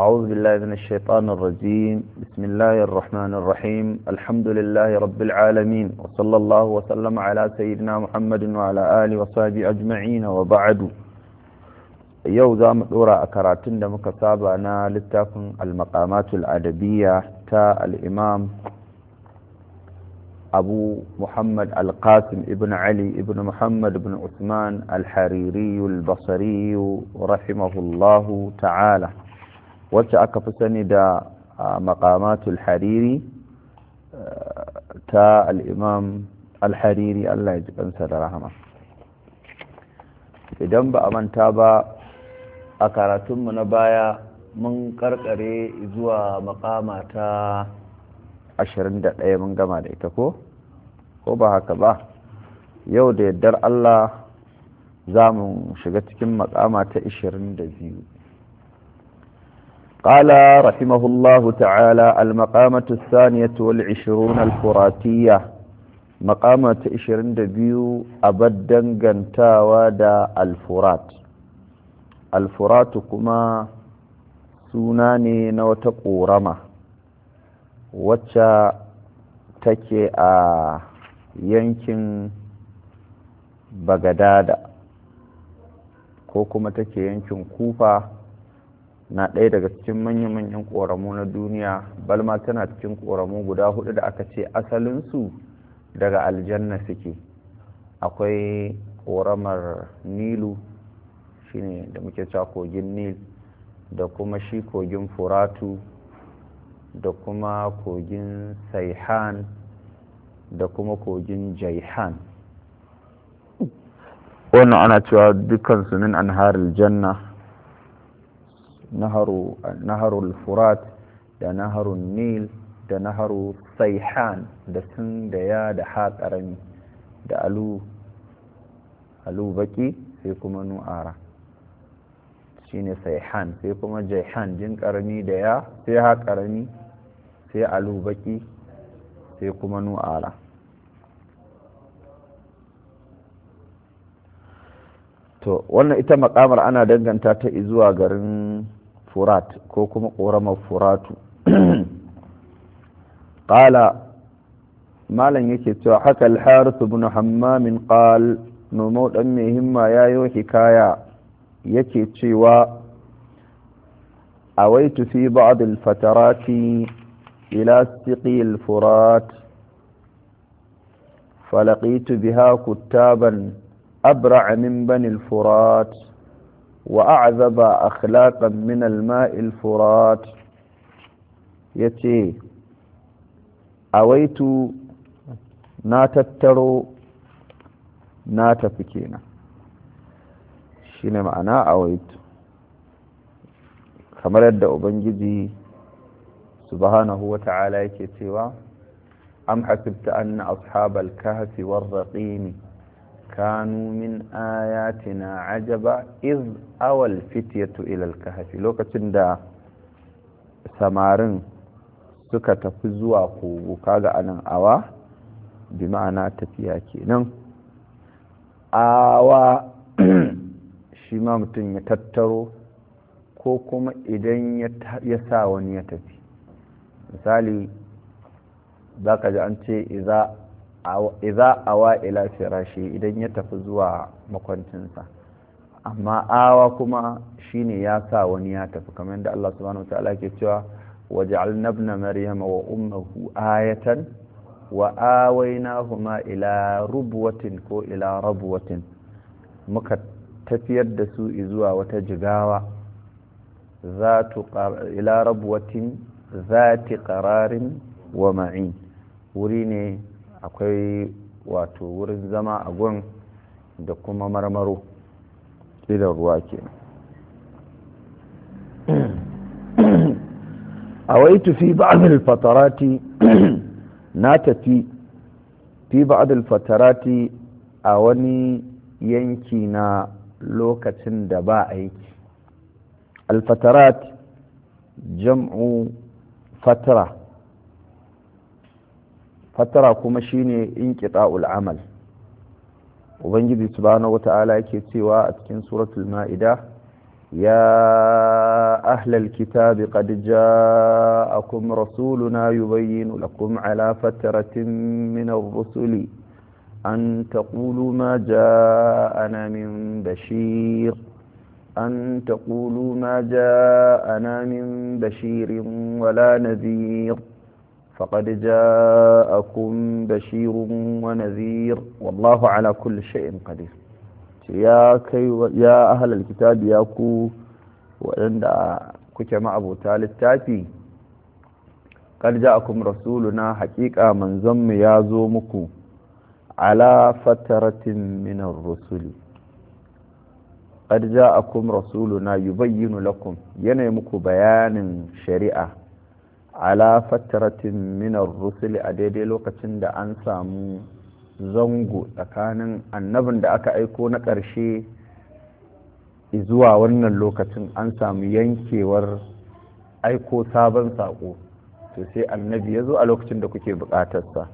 أعوذ بالله من الشيطان الرجيم بسم الله الرحمن الرحيم الحمد لله رب العالمين وصلى الله وسلم على سيدنا محمد وعلى آله وصحبه أجمعين وبعد يوزا مدورة أكراتن دمك سابنا لتكن المقامات الأدبية تا الإمام أبو محمد القاسم ابن علي ابن محمد بن عثمان الحريري البصري رحمه الله تعالى wacce aka fi sani da maqamatul hariri ta al'imam al-hariri Allah ya ji kansa da rahama idan ba a manta ba a karatunmu na baya mun karkare zuwa makama ta 21 mun gama da ita ko ko ba haka ba yau da yardar Allah za mu shiga cikin makama ta 22 قال رحمه الله تعالى المقامة الثانية والعشرون الفراتية مقامة عشرين دبيو أبدا قنتا وادا الفرات الفرات كما سوناني نوتقو رمى وچا تكي آ ينكن بغدادا كوكما تكي ينكن كوفا na ɗaya daga cikin manya-manyan ƙoramu na duniya balma tana cikin ƙoramu guda hudu da aka ce asalinsu daga aljanna suke akwai ƙoramar nilu shine da muke cewa kogin nil da kuma shi kogin furatu da kuma kogin saihan da kuma kogin jaihan wannan ana cewa dukansu min anharil janna naharul furat da naharun nil da naharu saihan da sun da ya da ha ƙarami da alu alu baki sai kuma nu'ara shine saihan sai kuma jaihan jin ƙarami da ya sai ha ƙarami sai alu baki sai kuma nu'ara to wannan ita makamar ana danganta ta zuwa garin فرات كوكم قرم فرات قال ما لن يكتو حكى الحارث بن حمام قال نموت أميهما ما يا يو حكاية يكتو أويت في بعض الفترات إلى سقي الفرات فلقيت بها كتابا أبرع من بني الفرات وأعذب أخلاقا من الماء الفرات يتي أويت ناتترو ناتفكينا شين معنا أويت kamar yadda ubangiji subhanahu wata'ala yake cewa am hasibta anna ashabal kahfi war raqimi kanu min ayatina ajaba iz awal fityatu ila al lokacin da samarin suka tafi zuwa kogo kaga anan awa bi ma'ana tafiya kenan awa shi ma mutum ya tattaro ko kuma idan ya sa wani ya tafi misali za ka ji an ce iza iza awa ila firashi idan ya tafi zuwa makwancinsa amma awa kuma shine ya sa wani ya tafi kamar yadda Allah subhanahu wataala ke cewa waj'al nabna maryama wa ummuhu ayatan wa awaynahuma ila rubwatin ko ila rubwatin muka tafiyar da su zuwa wata jigawa zatu ila rubwatin zati qararin wa ma'in wuri ne akwai wato wurin zama a gun da kuma marmaro idan ruwa ke a waitu fi ba'adul fatarati na tafi fi ba'adul fatarati a wani yanki na lokacin da ba aiki alfatarat jam'u fatara فترى كومشيني شيني انقطاع العمل وبنجد سبحانه وتعالى كتوى اتكن سورة المائدة يا أهل الكتاب قد جاءكم رسولنا يبين لكم على فترة من الرسل أن تقولوا ما جاءنا من بشير أن تقولوا ما جاءنا من بشير ولا نذير فقد جاءكم بشير ونذير والله على كل شيء قدير يا كي يا أهل الكتاب يا كو وعند كما أبو تال التاتي قد جاءكم رسولنا حقيقة من زم يا زومكو على فترة من الرسل قد جاءكم رسولنا يبين لكم ينمكو بيان شريعة ala fatratin minar rusuli a daidai lokacin da an samu zango tsakanin annabin da aka aiko na ƙarshe zuwa wannan lokacin an samu yankewar aiko sabon sako to sai annabi ya zo a lokacin da kuke buƙatarsa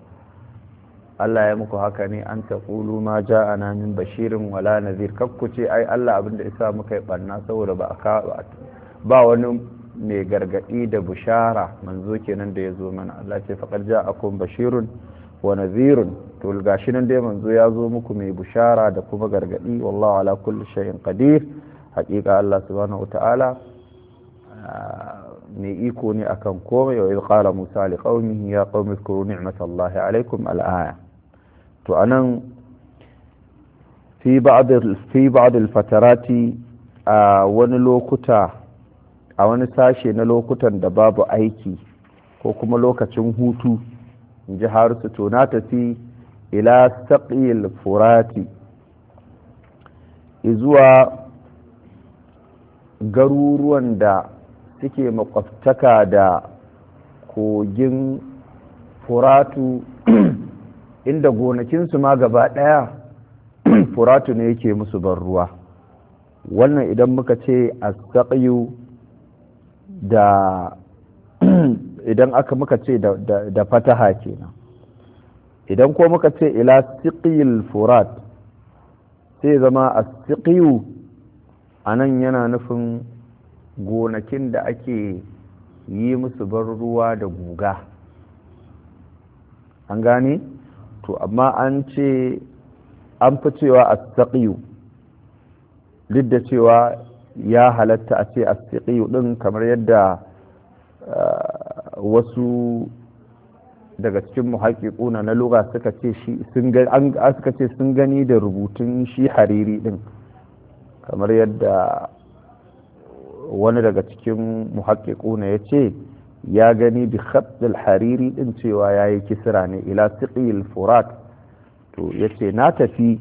Allah ya muku haka ne an ta taƙulu ma ja a min bashirin wala nazir kakku ce ai Allah abin da isa muka yi ɓanna saboda ba wani mai gargadi da bushara manzo kenan da ya zo mana Allah ce faqad ja'akum bashirun wa nadhirun to gashi nan dai manzo ya zo muku mai bushara da kuma gargadi wallahu ala kulli shay'in qadir haƙiƙa Allah subhanahu wata'ala ah, mai iko ne akan komai wa qala musa li qaumihi ya qaumi zkuru ni'matallahi alaikum al-aya to anan fi ba'd fi ba'd al-fatarat a ah, wani lokuta a wani sashe na lokutan da babu aiki ko kuma lokacin hutu in ji harisu to na tafi ila saƙil furati Izuwa garuruwan da suke makwabtaka da kogin furatu inda gonakinsu ma gaba ɗaya furatu ne yake musu ban ruwa wannan idan muka ce a saƙiyu da idan aka muka ce da fataha kenan idan ko muka ce ila siqil furat sai zama a siqiyu a nan yana nufin gonakin da ake yi musu bar ruwa da guga an gane to amma an ce an fi cewa a duk da cewa ya halatta a ce asiqiyu din kamar yadda uh, wasu daga cikin muhaƙiƙuna na lura suka ce sun gani da rubutun shi hariri din kamar yadda wani daga cikin muhaƙiƙuna ya ce ya gani bi khaddal hariri din cewa ya yi kisira ne ila siqil furat to ya ce na tafi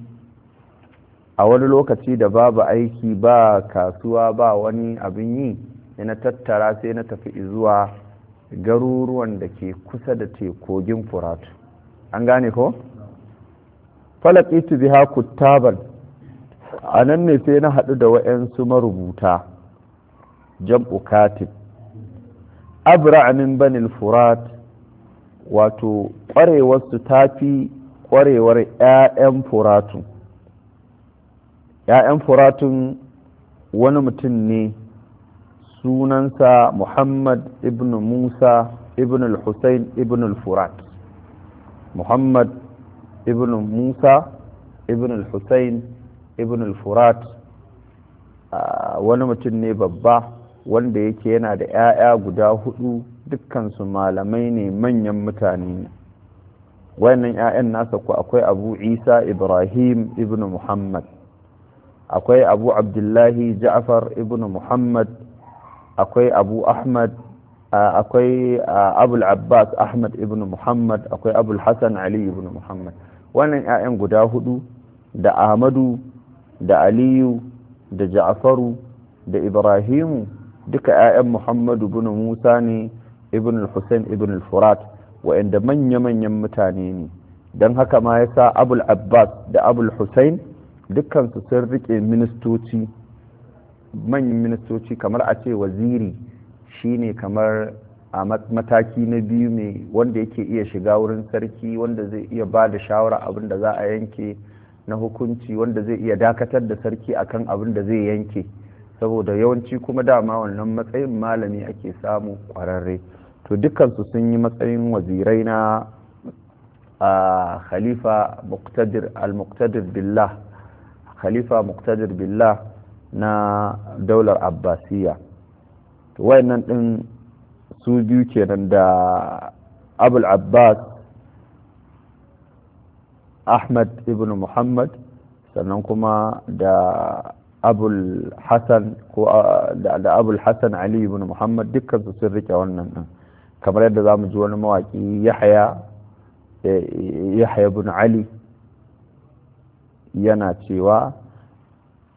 a wani lokaci da babu aiki ba kasuwa ba wani abin yi na tattara sai na tafi zuwa garuruwan da ke kusa da tekogin furat an gane ko? falakitu biha kuttaban a nan ne sai na haɗu da wa'yansu marubuta jam'u katib abra min banil furat wato ƙwarewarsu ta fi ƙwarewar 'ya'yan furatu 'ya'yan furatun wani mutum ne sunansa muhammad ibn musa ibn al-hussein ibn al-furat muhammad ibn musa ibn al-hussein ibn al-furat wani mutum ne babba wanda yake yana da 'ya'ya guda hudu dukkansu malamai ne manyan mutane ne wayannan 'ya'yan nasa ku akwai abu isa ibrahim ibn muhammad akwai abu abdullahi ja'far ibn muhammad akwai abu ahmad akwai abul abbas ahmad ibn muhammad akwai abul hassan ali ibn muhammad wannan 'ya'yan guda hudu da ahmadu da aliyu da ja'faru da ibrahimu duka 'ya'yan muhammadu bin musa ne ibn al-hussein ibn furat manya-manyan mutane ne don haka ma ya sa abul abbas da abul hussein dukkansu sun rike ministoci manyan ministoci kamar a ce waziri shine kamar a mataki na biyu mai wanda yake iya shiga wurin sarki wanda zai iya ba da shawara abin da za a yanke na hukunci wanda zai iya dakatar da sarki akan abin da zai yanke saboda yawanci kuma dama wannan matsayin malami ake samu kwararre to dukansu sun yi matsayin wazirai na a khalifa al muktadir billah khalifa muktadir billah na daular abbasiya wayannan din su biyu kenan da abul abbas ahmad ibn muhammad sannan kuma da abul hassan ko da abul hassan ali ibn muhammad dukkan su sun rike wannan din kamar yadda za mu ji wani mawaki yahya eh, ibn ali ينا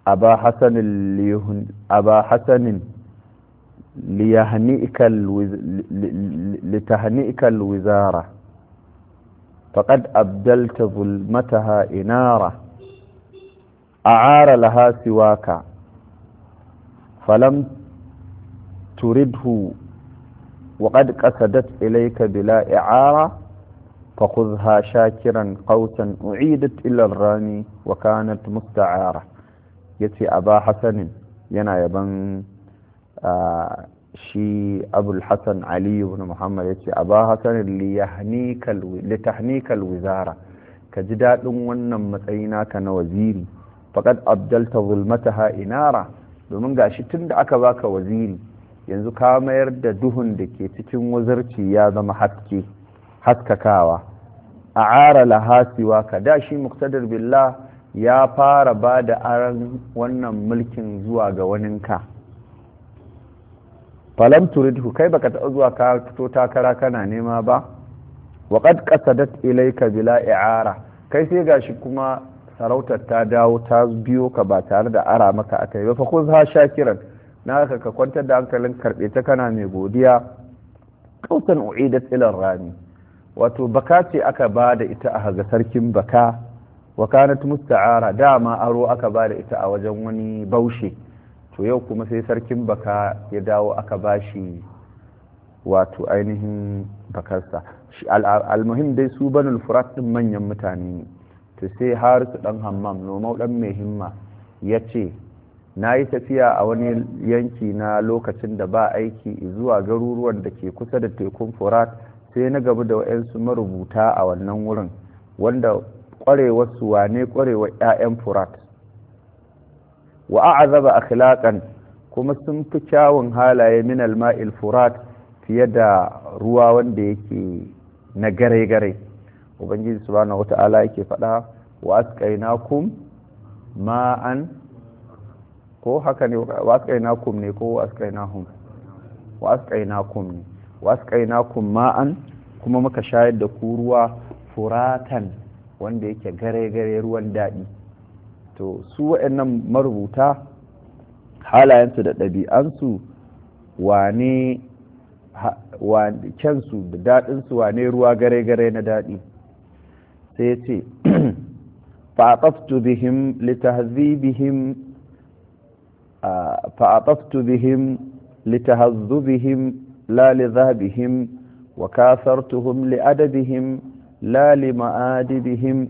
أبا حسن yana cewa aba hasanin لتهنئك الوزارة فقد أبدلت ظلمتها إنارة أعار لها سواك فلم ترده وقد قصدت إليك بلا إعارة فخذها شاكرا قوسا أعيدت إلى الرامي وكانت مستعارة يتي أبا حسن ينا يبن آه شي أبو الحسن علي بن محمد يتي أبا حسن ليهنيك الو... لتهنيك الوزارة كجداد ونم متعيناك نوزيري فقد أبدلت ظلمتها إنارة domin ga shi tun da aka baka waziri yanzu ka mayar da duhun da ke cikin wazirci ya zama haske haskakawa a a'ara lahasiwa ka, da shi muktadar billah ya fara ba da aran wannan mulkin zuwa ga waninka falam turidhu kai baka taɓa zuwa ka fito takara kana nema ba wa qad qasadat ilayka bila i'ara kai sai gashi kuma sarautar ta dawo ta biyo ka ba tare da ara maka akai ba fa khudha shakiran na ka kwantar da hankalin karbe ta kana mai godiya qawtan u'idat ila rami wato baka ce aka ba da ita a ga sarkin baka wakanat musta'ara dama aro aka ba da ita a wajen wani baushe to yau kuma sai sarkin baka ya dawo aka ba shi wato ainihin bakarsa almuhim dai su banul furat din manyan mutane to sai har su dan hammam nomau dan mai himma ya ce na yi tafiya a wani yanki na lokacin da ba aiki zuwa garuruwan da ke kusa da tekun furat sai na gaba da wa'yansu marubuta a wannan wurin wanda ƙwarewar su wane ƙwarewar 'ya'yan furat wa a'azaba akhlaqan kuma sun fi kyawun halaye min al-mail furat fiye da ruwa wanda yake na gare-gare ubangiji subhanahu wata'ala yake faɗa wa asqainakum ma'an ko haka ne wa asqainakum ne ko wa asqainahum wa asqainakum wa asqainakum ma'an kuma muka shayar da ku ruwa furatan wanda yake gare-gare ruwan daɗi to su wa'annan marubuta halayensu da ɗabi'ansu wane kyansu da daɗinsu wane ruwa gare-gare na daɗi sai ce fa'aɓaftu bihim lita bihim la li zahabihim وكاثرتهم لأدبهم لا لمآدبهم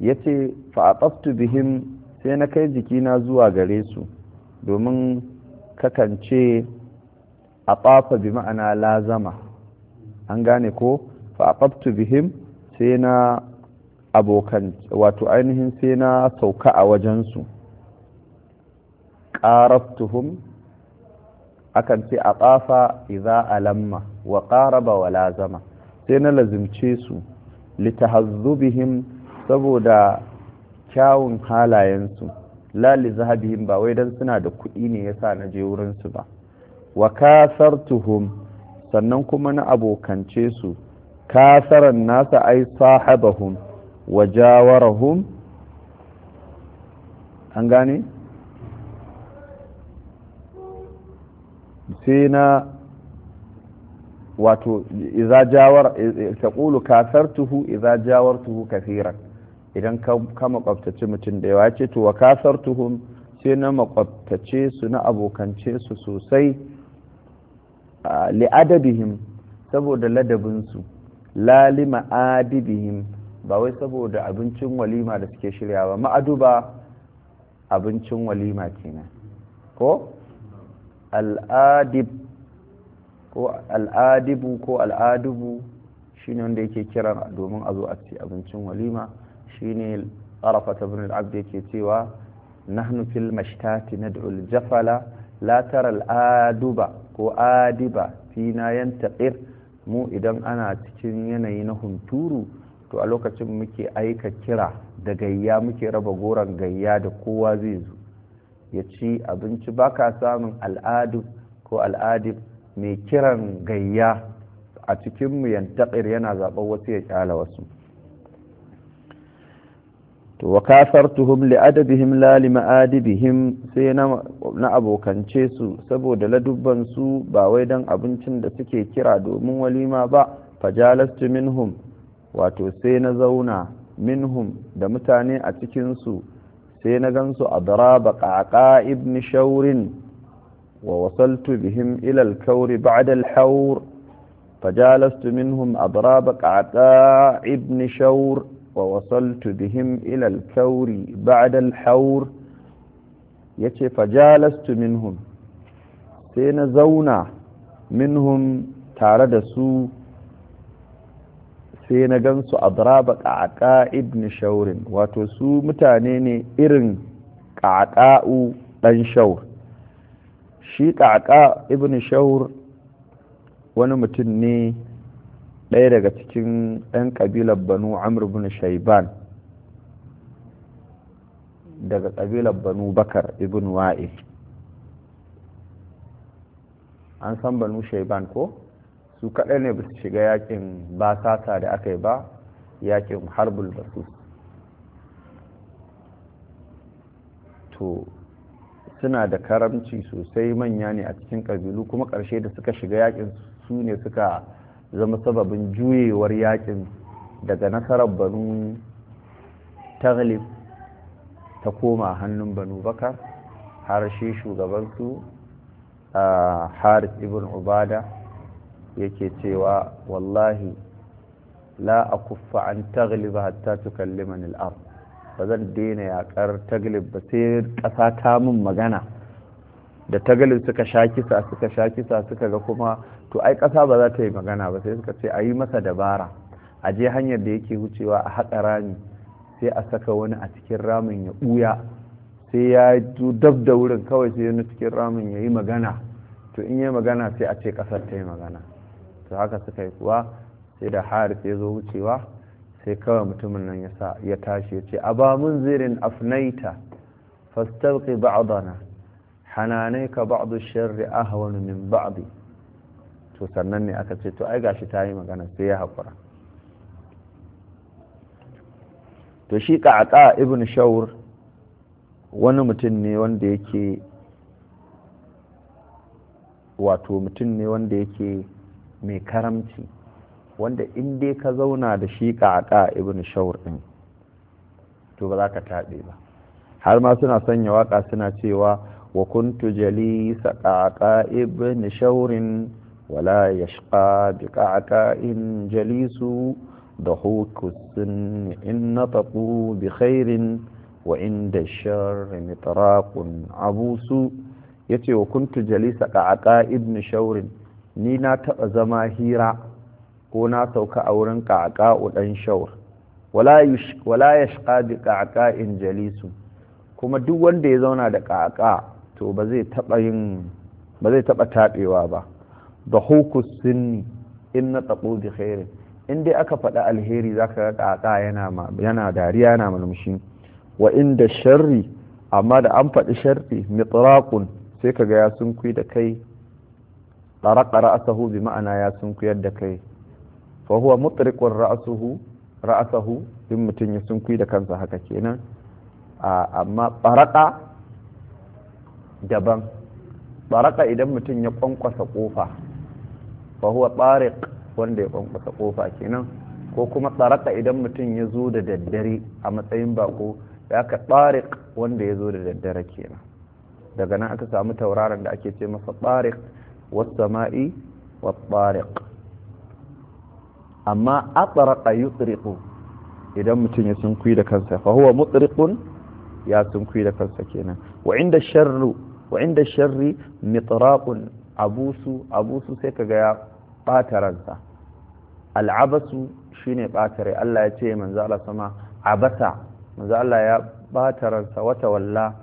يتي فأطفت بهم سينا كي جكينا زوا غريسو دومن ككنشي أطاف بمعنى لازمة أنغاني كو فأطفت بهم سينا أبو wato واتو sai سينا sauka وجنسو كارفتهم ƙaraftuhum akan ce a tsafa wa qaraba wa lazama sai na lazimce su litahazzubihim saboda kyawun halayensu la li zahabihim ba wai dan suna da kuɗi ne yasa na je wurin su ba wa kasartuhum sannan kuma na abokance su kasaran nasa ai sahabahum wa jawarahum an gane sai na wato Iza jawar taqulu kasartuhu jawar tuhu kafiran. idan ka makwabtace mutum da yawa ce to wa kasartuhum sai na makwabtace su na abokance su sosai adabihim saboda ladabinsu la li ma'adibihim ba wai saboda abincin walima da suke shirya ba ma'adu ba abincin walima kenan ko al'adib ko al'adibu ko al'adubu shi ne wanda yake kiran domin a zo a ci abincin walima shi shine arafat birnin abu yake cewa nahnu fil mashtati nad'u al-jafala la tara al'aduba aduba ko adiba fina yantaqir mu idan ana cikin yanayi na hunturu to a lokacin muke aika kira da gayya muke raba goron gayya da kowa zai zo ya ci abinci baka samun al'adu ko al'adib mai kiran gayya a cikin mu yantakir yana zaɓar wasu ya ƙyala wasu to wa kasartuhum li adabihim la li ma'adibihim sai na, na abokance su saboda ladubban su ba wai dan abincin da suke kira domin walima ba fajalastu minhum wato sai na zauna minhum da mutane a cikin su sai na gansu adraba qaqa ibn shaurin ووصلت بهم إلى الكور بعد الحور فجالست منهم أضراب قعقاع ابن شور ووصلت بهم إلى الكور بعد الحور يتي فجالست منهم سين زونا منهم تاردسو sai na gansu a daraba ƙaƙa ibn shaurin wato su mutane ne irin ƙaƙa'u ɗan shaur shi ƙaƙa ibn shaur wani mutum ne ɗaya daga cikin ɗan ƙabilar banu amr ibn shaiban daga ƙabilar banu bakar ibn wa'il an san banu shaiban ko su kaɗai ne ba su shiga yakin basasa da aka yi ba yakin harbul basu to suna da karamci sosai manya ne a cikin ƙabilu kuma ƙarshe da suka shiga yakin su ne suka zama sababin juyewar yakin daga nasarar banu taglib ta koma hannun banu bakar har shi shugabansu a haris ibn ubada yake cewa wallahi la a kuffa an tagliba hatta tukalliman al'ar ba zan daina yaƙar taglib ba sai ƙasa ta min magana da taglib suka sha kisa suka sha kisa suka ga kuma to ai ƙasa ba za ta yi magana ba sai suka ce a yi masa dabara a je hanyar da yake wucewa a haƙa rami sai a saka wani a cikin ramin ya ɓuya sai ya dab da wurin kawai sai wani cikin ramin ya yi magana to in yi magana sai a ce ƙasar ta yi magana to haka suka yi kuwa sai da harif ya zo wucewa sai kawai mutumin nan ya sa ya tashi ya ce mun zirin afnaita fastalqi ba'dana hananaika ba'd ash-sharri ahwanu min ba'd to sannan ne aka ce to ai gashi ta yi magana sai ya haƙura to shi ƙaƙa ibn shawur wani mutum ne wanda yake wato mutum ne wanda yake mai karamci wanda in dai ka zauna da shi ƙaƙa ibn shawar ɗin to ba za ka taɗe ba har ma suna sanya waƙa suna cewa wa kuntu jalisa ƙaƙa ibn shawarin wala ya shiƙa bi in jalisu da hukusin in na taɓu bi khairin wa inda sharri mitarakun abusu ya ce wa kuntu jalisa ƙaƙa ibn shawarin ni na taɓa zama hira ko na sauka a wurin ƙaƙa'u ɗan shawar wala ya shaka bi ƙaƙa'in jalisu kuma duk wanda ya zauna da ƙaƙa to ba zai taɓa taɓewa ba da hukus sinni in na taɓo bi in dai aka faɗi alheri za ka ƙaƙa yana dariya yana malamshi wa inda sharri amma da an faɗi sharri mitraƙun sai ka ga ya kai da kai ƙara-ƙara asahu bi ma'ana ya sunkuyar da kai fa huwa ra'asahu ra'suhu in mutun ya sunkui da kansa haka kenan amma baraka daban baraka idan mutun ya kwankwasa kofa fa huwa tariq wanda ya kwankwasa kofa kenan ko kuma tsaraka idan mutum ya zo da daddare a matsayin bako ya ka tsarik wanda ya zo da daddare kenan daga nan aka samu tauraron da ake ce masa tsarik wasu sama'i wa tsarik amma atsaraka yutsiriku idan mutum ya sunkuyi da kansa fa huwa mutsirikun ya sunkuyi da kansa kenan wa inda sharru wa inda sharri mitraqun abusu abusu sai kaga ya bata ransa al'abasu shine bata rai Allah ya ce manzo Allah sama abasa manzo Allah ya bata ransa wata walla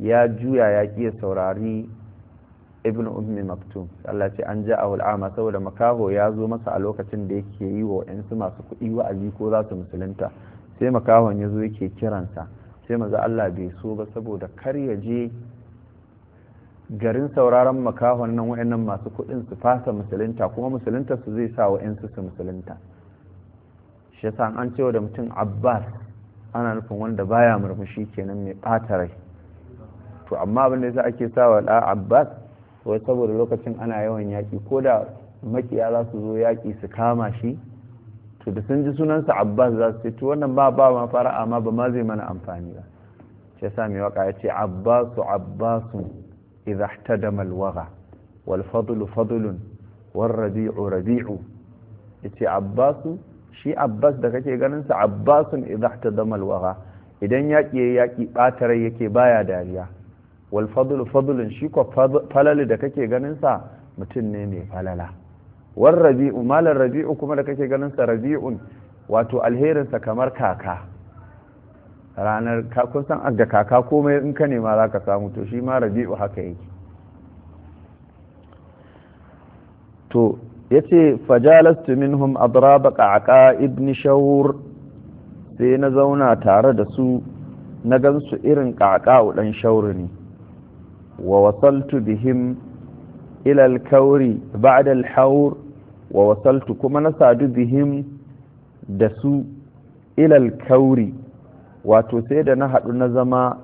ya juya ya kiya saurari ibn ummi maktum Allah ce an ja awul ama saboda makaho ya zo masa a lokacin da yake yi wa waɗansu masu kuɗi wa'azi ko za su musulunta sai makahon ya zo yake kiransa sai maza Allah bai so ba saboda kar ya je garin sauraron makahon nan waɗannan masu kuɗin su fasa musulunta kuma musulunta su zai sa waɗansu su musulunta shi yasa an cewa da mutum abbas ana nufin wanda baya murmushi kenan mai ɓata rai to amma abin da yasa ake sa wa abbas wai saboda lokacin ana yawan yaƙi ko da makiya za su zo yaƙi su kama shi to da sun ji sunansa abbas za su ce to wannan ba ba ma fara'a ma ba ma zai mana amfani ba sai sa mai waka ya ce abbasu abbasu idha ihtadama alwaga wal fadlu fadlun war rabi'u rabi'u yace abbasu shi abbas da kake ganin sa abbasun idha ihtadama alwaga idan yaƙi yaƙi ɓatarai yake baya dariya wal fadlu fadlun shi ko falali da kake ganin sa mutum ne mai falala war rabi'u malar rabi'u kuma da kake ganin sa rabi'un wato alherin sa kamar kaka ranar kun san da kaka komai in ka nema za ka samu to shi ma rabi'u haka yake to yace fajalastu minhum adraba qaqa ibn shawur sai na zauna tare da su na gan su irin qaqa dan shawur ne ووصلت بهم إلى الكور بعد الحور ووصلت كما نسعد بهم دسو إلى الكور وتسيد نهد نزما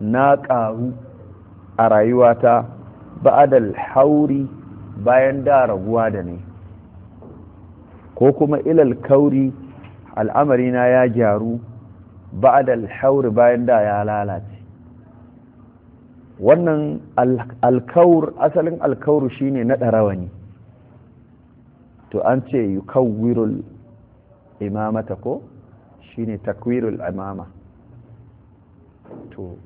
ناكاه أرايواتا بعد الحور bayan da rabuwa da ne ko kuma ilal kauri al'amarina ya gyaru ba'adal hauri bayan da ya lalace wannan alkawur asalin alkawur shine naɗa rawani to an ce yukawwirul imamata ko shine takwirul imama to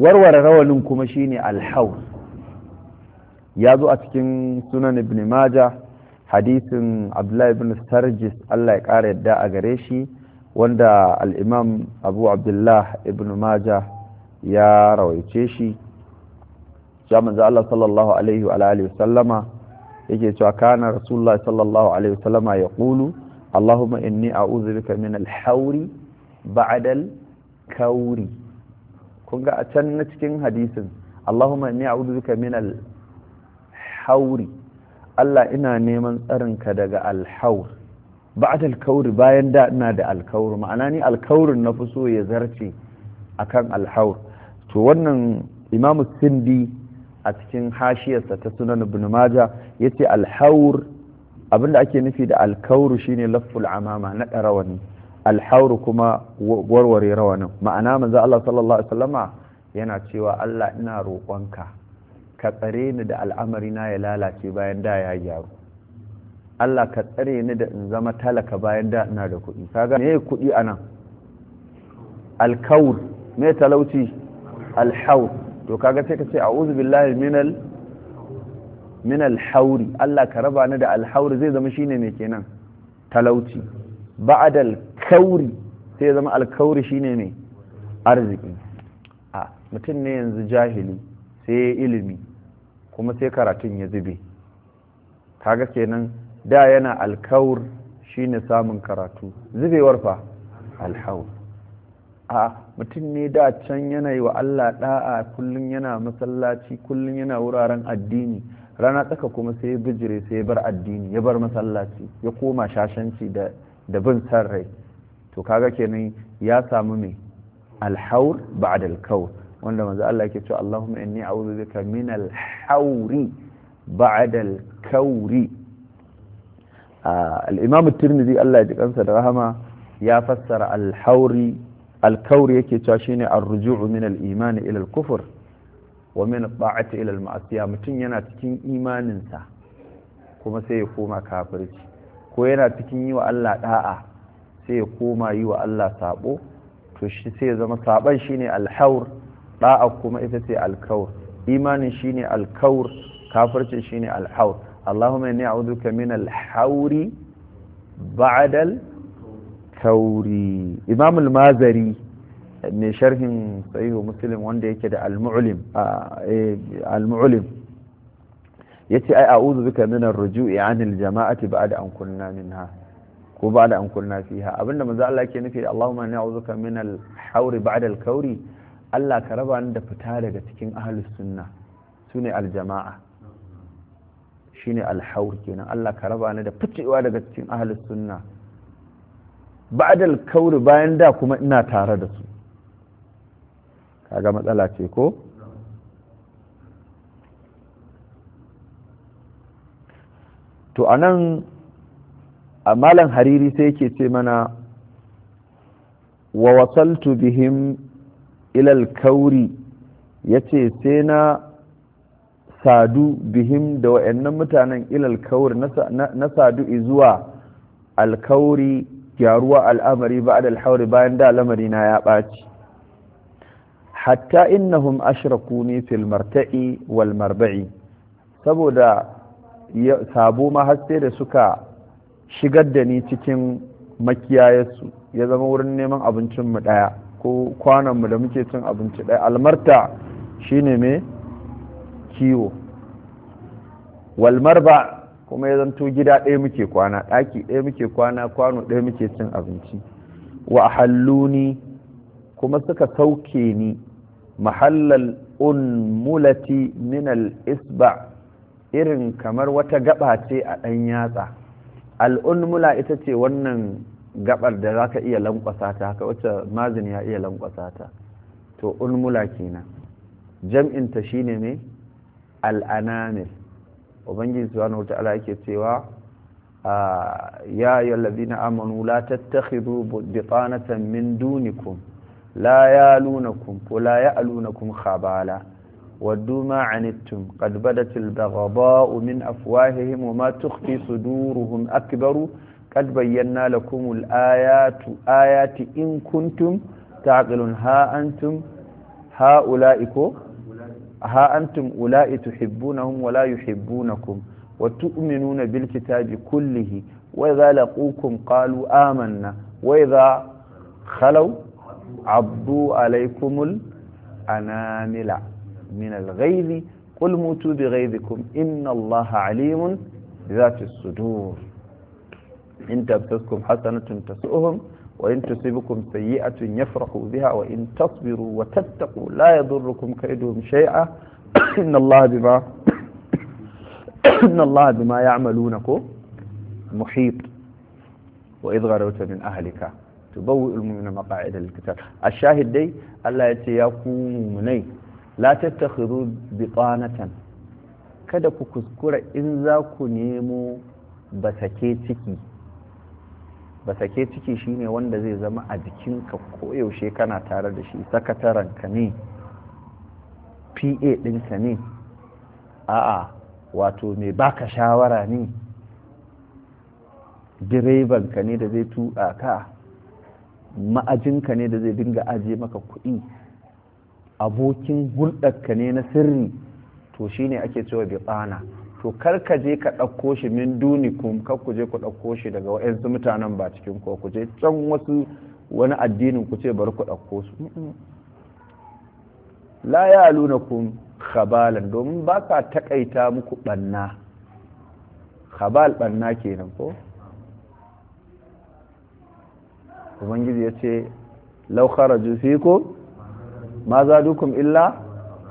warware rawanin kuma shine alhaur ya zo a cikin sunan ibn maja hadisin abdullahi ibn sarjis allah ya ƙara yadda a gare shi wanda al'imam abu abdullah ibn maja ya rawaice shi ya manzo Allah sallallahu alaihi wa alihi sallama yake cewa kana rasulullahi sallallahu alaihi wa ya yaqulu allahumma inni a'udhu bika min al-hawri ba'da al-kawri kun ga a can na cikin hadisin allahumma inni a'udhu bika min al-hawri Allah ina neman tsarinka daga al-hawr ba'da al-kawri bayan da ina da al-kawr ma'ana ni al-kawrin na fuso ya zarce akan alhaur to wannan imamu sindi a cikin hashiyarsa ta sunan ibn maja yace alhaur abinda ake nufi da alkaur shine lafful amama na rawani alhaur kuma warware rawanin ma'ana manzo Allah sallallahu alaihi wasallama yana cewa Allah ina roƙonka ka tsare ni da al'amari na ya lalace bayan da ya gyaru Allah ka tsare ni da in zama talaka bayan da ina da kuɗi kaga me kuɗi anan alkaur me talauci alhaur to kaga sai ka ce a'udhu billahi minal minal hauri Allah ka raba ni da alhaur zai zama shine me kenan talauci ba'dal kauri sai zama alkauri shine me arziki a mutum ne yanzu jahili sai ya ilimi kuma sai karatun ya zube kaga kenan da yana alkaur shine samun karatu zubewar fa alhaur a mutum ne da can yana yi wa Allah da'a kullum yana masallaci kullum yana wuraren addini rana tsaka kuma sai ya bijire sai ya bar addini ya bar masallaci ya koma shashanci da da bin san rai to kaga kenan ya samu mai alhaur ba'd alkaur wanda manzo Allah yake cewa Allahumma inni a'udhu bika min alhauri ba'd alkauri ah, al-imam at-tirmidhi Allah ya ji kansa da rahama ya fassara alhauri alkauri yake cewa shine arruju'u min al-imani ila al-kufr wa min ta'ati ila al-ma'siya mutum yana cikin imaninsa kuma sai ya koma kafirci ko yana cikin yi wa Allah da'a sai ya koma yi wa Allah sabo to shi sai ya zama saban shine al-haur da'a kuma ita ce al-kaur imanin shine al-kaur kafirci shine al-haur Allahumma inni a'udhuka min al-hauri ba'da sauri Imamul mazari mai sharhin sahihu muslim wanda yake da al-mu'lim al yace ai a'udhu bika min ar-ruju'i 'anil jama'ati ba'da an kunna minha ko ba'da an kunna fiha abinda manzo Allah yake nufi Allahumma na'udhuka min al-hawri ba'da al-kawri Allah ka raba ni da fita daga cikin ahlus sunna sune al-jama'a shine al-hawr kenan Allah ka raba ni da fitewa daga cikin ahlus sunna ba'dal kauri bayan da kuma ina tare da su kaga matsala ce ko to anan a malam hariri sai yake ce mana wa wasaltu bihim ilal kauri yace sai na sadu bihim da wa'annan mutanen ilal kauri na sadu zuwa alkauri gyaruwa al'amari ba da alhauri bayan da lamari na ya ɓaci hatta innahum ashraku ni fil marta'i wal marba'i saboda sabo ma haske da suka shigar da ni cikin makiyayarsu ya zama wurin neman abincin mu daya ko kwanan mu da muke cin abinci ɗaya, almarta shine mai kiwo wal marba kuma ya zanto gida ɗaya muke kwana ɗaki ɗaya muke kwana kwano ɗaya muke cin abinci wa halluni kuma suka sauke ni mahallal unmulati min al-isba irin kamar wata gaba ce a ɗan yatsa Al-Un al'unmula ita ce wannan gabar da za ka iya lankwasa ta haka wacce mazin ya iya lankwasa ta to unmula kenan jam'inta shine ne al'anamil ubangiji subhanahu wataala yake cewa ah, ya ayyuhal ladina amanu la tattakhidhu bitanatan min dunikum la yalunakum wa la ya'lunakum khabala waddu ma anittum qad badat baghdhau min afwahihim wa ma tukhfi suduruhum akbaru قد bayyana lakumul الآيات ayati in kuntum تعقلون ها أنتم هؤلاء ها أنتم أولئك تحبونهم ولا يحبونكم وتؤمنون بالكتاب كله وإذا لقوكم قالوا آمنا وإذا خلوا عضوا عليكم الأنامل من الغيظ قل موتوا بغيظكم إن الله عليم بذات الصدور إن تبتسكم حسنة تسؤهم wa in tusibukum sayyi'atun yafrahu biha wa in tasbiru wa tattaqu la yadurrukum kaiduhum shay'a inna Allah bima inna Allah bima ya'maluna ko muhit wa idh gharawta min ahlika tubawwi'ul mu'mina maqa'ida lil-qital ash-shahid dai Allah yace ya ku mu'minai la kada ku kuskure in za ku nemo basake ciki basake ciki shine wanda zai zama a jikinka yaushe kana tare da shi sakataranka ne pa ɗinka ne a'a wato mai baka shawara ne direbanka ne da zai tuƙa ka ma'ajinka ne da zai dinga ajiye maka kuɗi abokin hulɗar ka ne na sirri to shine ake cewa biƙana to kar ka je ka ɗauko shi min dunikum kar ku je ku ɗauko shi daga wa'yansu mutanen ba cikin ko ku je can wasu wani addinin ku ce bari ku ɗauko su la ya luna kun khabalan domin ba ka taƙaita muku ɓanna khabal ɓanna kenan ko ubangiji ya ce lau kharaju ko? ma zadukum illa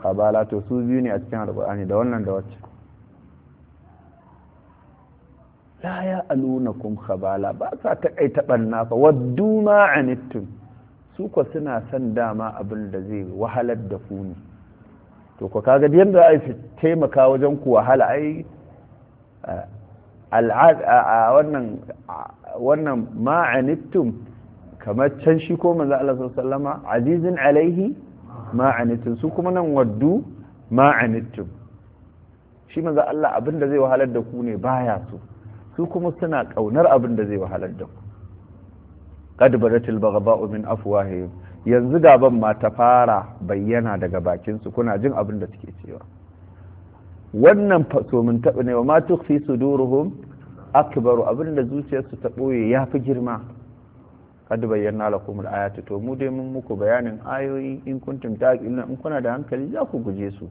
khabala to su biyu ne a cikin alƙur'ani da wannan da wacce la ya alunakum khabala ba sa ta kai banna fa waddu ma anittum su ko suna son dama abin da zai wahalar da ku ne to ko kaga yanda ai taimaka wajen ku wahala ai wannan wannan ma anittum kamar can shi ko manzo Allah sallallahu alaihi azizun alaihi ma anittum su kuma nan waddu ma anittum shi manzo Allah abin da zai wahalar da ku ne baya so su kuma suna ƙaunar abin da zai wahalar da ku qad baratil baghdha'u min afwahihim yanzu gaban ma ta fara bayyana daga bakinsu. su kuna jin abin da suke cewa wannan faso mun taɓa ne wa ma tukfi suduruhum akbaru abin da zuciyarsu ta ɓoye ya fi girma kad bayyana lakum al-ayati to mu dai mun muku bayanin ayoyi in kuntum taqiluna in kuna da hankali za ku guje su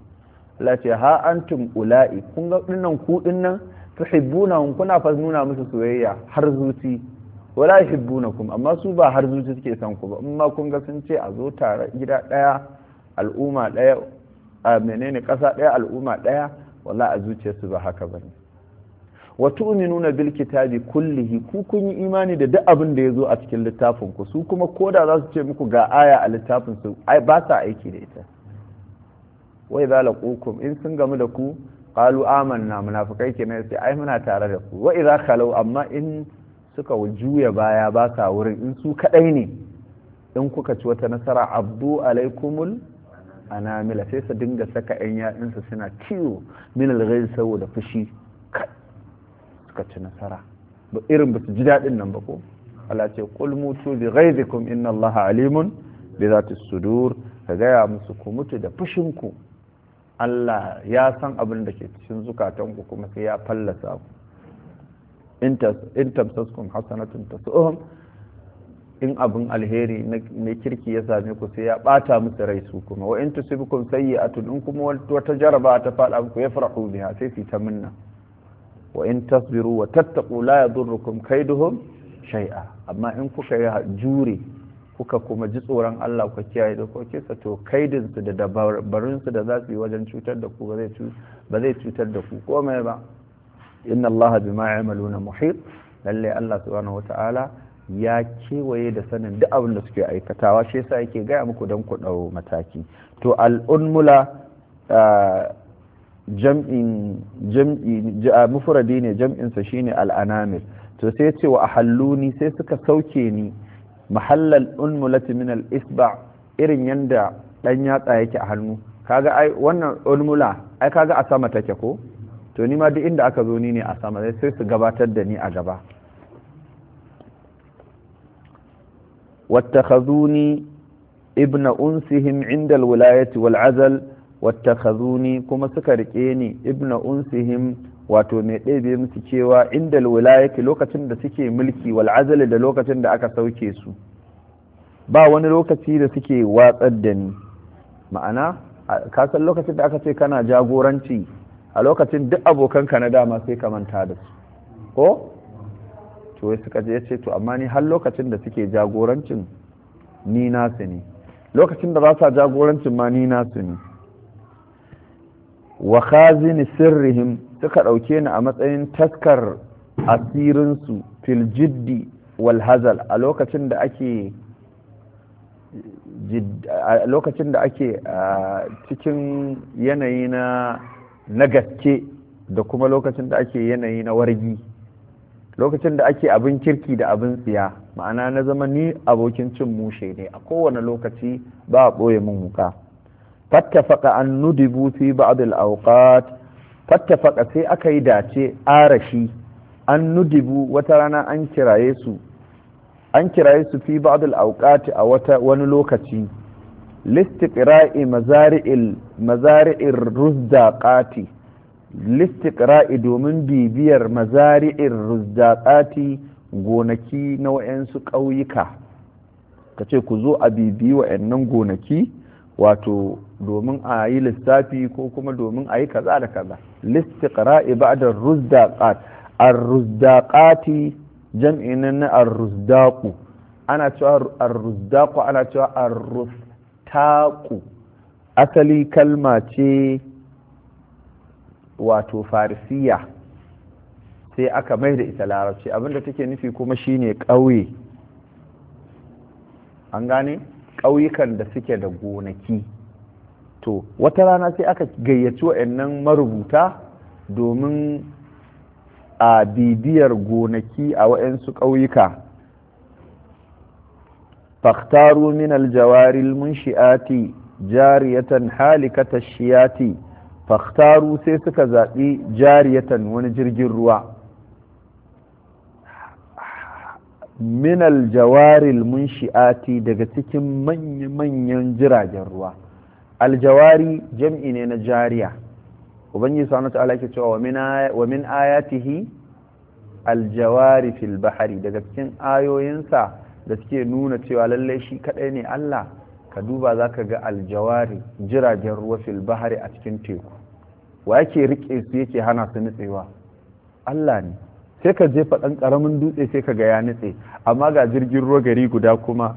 Allah ce ha antum ula'i kun ga dinnan ku dinnan tuhibbunahum kuna fa nuna musu soyayya har zuci wala yuhibbunakum amma su ba har zuci suke son ku ba amma kun ga sun ce a zo tare gida daya al'umma daya a menene kasa daya al'umma daya wala a zuciyarsu ba haka bane wa tu'minuna bil kitabi kullihi ku kun yi imani da duk abin da yazo a cikin littafin ku su kuma koda za su ce muku ga aya a littafin su ai ba sa aiki da ita wai zalakukum in sun gamu da ku qalu amanna munafikai kenan sai ai muna tare da ku wa idza khalu amma in suka juya baya ba sa wurin in su kadai ne in kuka ci wata nasara abdu alaikumul anamila sai su dinga saka yan yadinsu suna ciwo min alghayr saboda fushi suka ci nasara ba irin ba su ji dadin nan ba ko Allah ce qul mutu bi ghayzikum inna Allaha alimun bi zati sudur ka gaya musu ku mutu da fushinku Allah ya san abin da ke cikin zukatanku kuma sai ya fallasa ku in tamsaskum hasanatun tasuhum in abin alheri na kirki ya same ku sai ya bata musu rai su kuma wa in tusibukum sayyi'atun in kuma wata jaraba ta fada ku ya farahu biha sai su ta minna wa in tasbiru wa tattaqu la yadurrukum kaiduhum shay'a amma in kuka yi jure kuka kuma ji tsoron Allah ku kiyaye dokokinsa to kaidinsu da dabarunsu da za su yi wajen cutar da ku ba zai cutar da ku komai ba inna Allah bima ya'maluna muhit lalle Allah subhanahu wata'ala ya kewaye da sanin duk abin da suke aikatawa shi yasa yake gaya muku dan ku ɗau mataki to Al'ummula jam'in jam'i mufradi ne jam'insa shine al'anamil to sai ce wa ahalluni sai suka sauke ni mahallal unmulati min al-isba irin yanda dan yatsa yake a hannu kaga ai wannan ulmula ai kaga a sama take ko to ni ma duk inda aka zo ni ne a sama sai su gabatar da ni a gaba wattakhazuni ibna unsihim inda alwilayati wal azal wattakhazuni kuma suka rike ni ibna unsihim wato mai ɗebe musu cewa inda wilayati lokacin da suke mulki wal da lokacin da aka sauke su ba wani lokaci da suke watsar da ni ma'ana ka san lokacin da aka ce kana jagoranci a lokacin duk abokanka na dama sai ka manta da su ko to suka je ce to amma ni har lokacin da suke jagorancin ni nasu ne lokacin da ba sa jagorancin ma ni nasu ne wa khazin sirrihim suka ɗauke ni a matsayin taskar asirinsu fil jiddi wal hazal a lokacin da ake a lokacin da ake cikin yanayi na nagaske gaske da kuma lokacin da ake yanayi na wargi lokacin da ake abin kirki da abin tsiya ma'ana na zama ni abokin cin mushe ne a kowane lokaci ba a ɓoye min wuka fattafaka an nudibu fi ba'dil awqat fattafaka sai aka yi dace arashi an nudibu wata rana an kiraye su an kiraye su fi ba'dil awqat a wata wani lokaci listiqra'i mazari'il mazari'ir ruzdaqati listiqra'i domin bibiyar mazari'ir ruzdaqati gonaki na wayansu ƙauyuka kace ku zo a bibiyi wa'annan gonaki wato domin a yi lissafi ko kuma domin a yi kaza da kaza listiqra'i ba'da ruzdaqat ar-ruzdaqati jam'in na ar-ruzdaqu ana cewa ar-ruzdaqu ana cewa ar-rustaqu asali kalma ce wato farisiya sai aka mai da ita larabci abinda take nufi kuma shine ƙauye an gane ƙauyukan da suke da gonaki to wata rana sai aka gayyaci wa'annan marubuta domin a bibiyar gonaki a wa'ansu ƙauyuka فاختاروا من الجوار المنشئات jariyatan halikata shiyati fakhtaru sai suka zaɓi jariyatan wani jirgin ruwa minal jawaril munshi'ati daga cikin manya-manyan jiragen ruwa aljawari jam'i ne na jariya ubangiji subhanahu ta'ala ke cewa wa min ayatihi aljawari fil bahari daga cikin ayoyinsa da suke nuna cewa lallai shi kadai ne Allah ka duba za ka ga aljawari jiragen ruwa fil bahari a cikin teku wa yake rike su yake hana su nutsewa Allah ne sai ka jefa ɗan ƙaramin dutse sai ka ga ya nutse amma ga jirgin ruwa gari guda kuma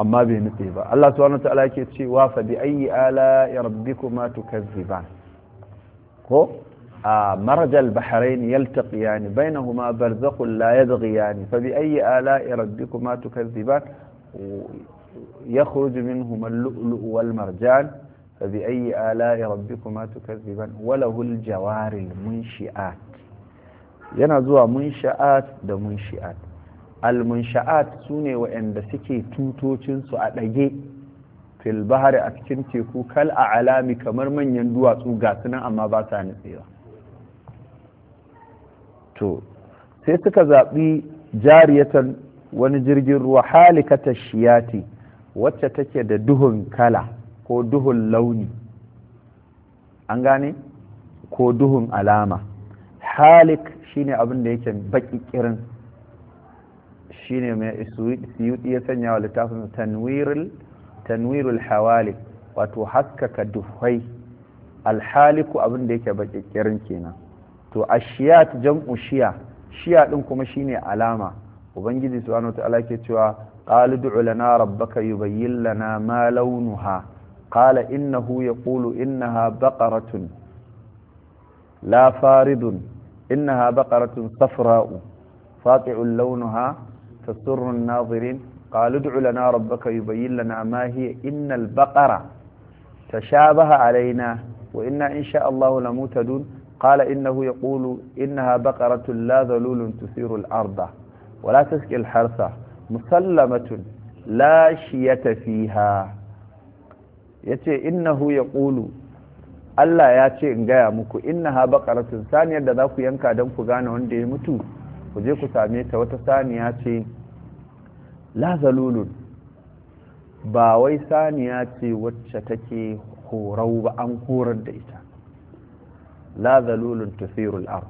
amma bai nutse ba Allah subhanahu wa ta'ala yake cewa fa bi ayyi ala rabbikuma tukazziban ko a marjal bahrain yaltaqiyan bainahuma barzakhun la yabghiyan fa bi ayyi ala rabbikuma tukazziban al-lu'lu'u wal marjan fa bi يخرج منهما rabbikuma tukazziban wa lahu al-jawari al-munshi'at yana zuwa munshi'at da munshi'at almunsha'at su ne wa'anda suke tutocinsu a ɗage fil a cikin teku kal a alami kamar manyan duwatsu ga sunan amma ba sa nutsewa to sai suka zaɓi jariyatan wani jirgin ruwa halikata shiyati wacce take da duhun kala ko duhun launi an gane ko duhun alama halik shine abin da yake baƙi kirin shine mai ya sanya wa littafin tanwirul tanwirul hawali wato haskaka duhai alhaliku abin da yake bakikirin kenan to ashiyat jam'u shiya shiya din kuma shine alama ubangiji subhanahu ta'ala ke cewa qalu du'u lana rabbaka yubayyin lana ma launuha qala innahu yaqulu innaha baqaratun la faridun innaha baqaratun safra'u fati'un launuha فسر الناظرين قالوا ادع لنا ربك يبين لنا ما هي إن البقرة تشابه علينا وإنا إن شاء الله لمهتدون قال إنه يقول إنها بقرة لا ذلول تثير الأرض ولا تسقي الحرث مسلمة لا شية فيها yace innahu yaqulu Allah ya ce in gaya muku innaha baqaratun saniyar da za ku yanka don ku gane wanda ya mutu ku je ku same ta wata saniya ce Lazalulun ba wai saniya ce wacce take horau ba an horar da ita Lazalulun zalulun tufirul ar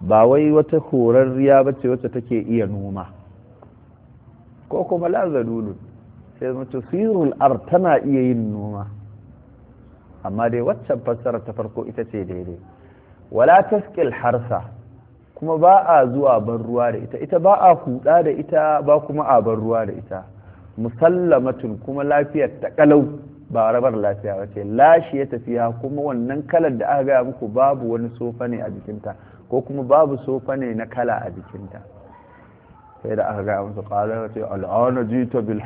ba wai wata horarriya ba ce wacce take iya noma ko kuma lazalulun sai mace tufirul ar tana iya yin noma amma dai waccan fassara ta farko ita ce daidai wala taskil harsa kuma ba a zuwa ban ruwa da ita ita ba a huda da ita ba kuma a ban ruwa da ita musallamatun kuma lafiyar ta kalau ba rabar lafiya ba ce lashi ya tafi tafiya kuma wannan kalar da aka gaya muku babu wani sofa ne a jikinta ko kuma babu sofa ne na kala a jikinta sai da aka gaya musu ƙwarar ce al'ana jita bil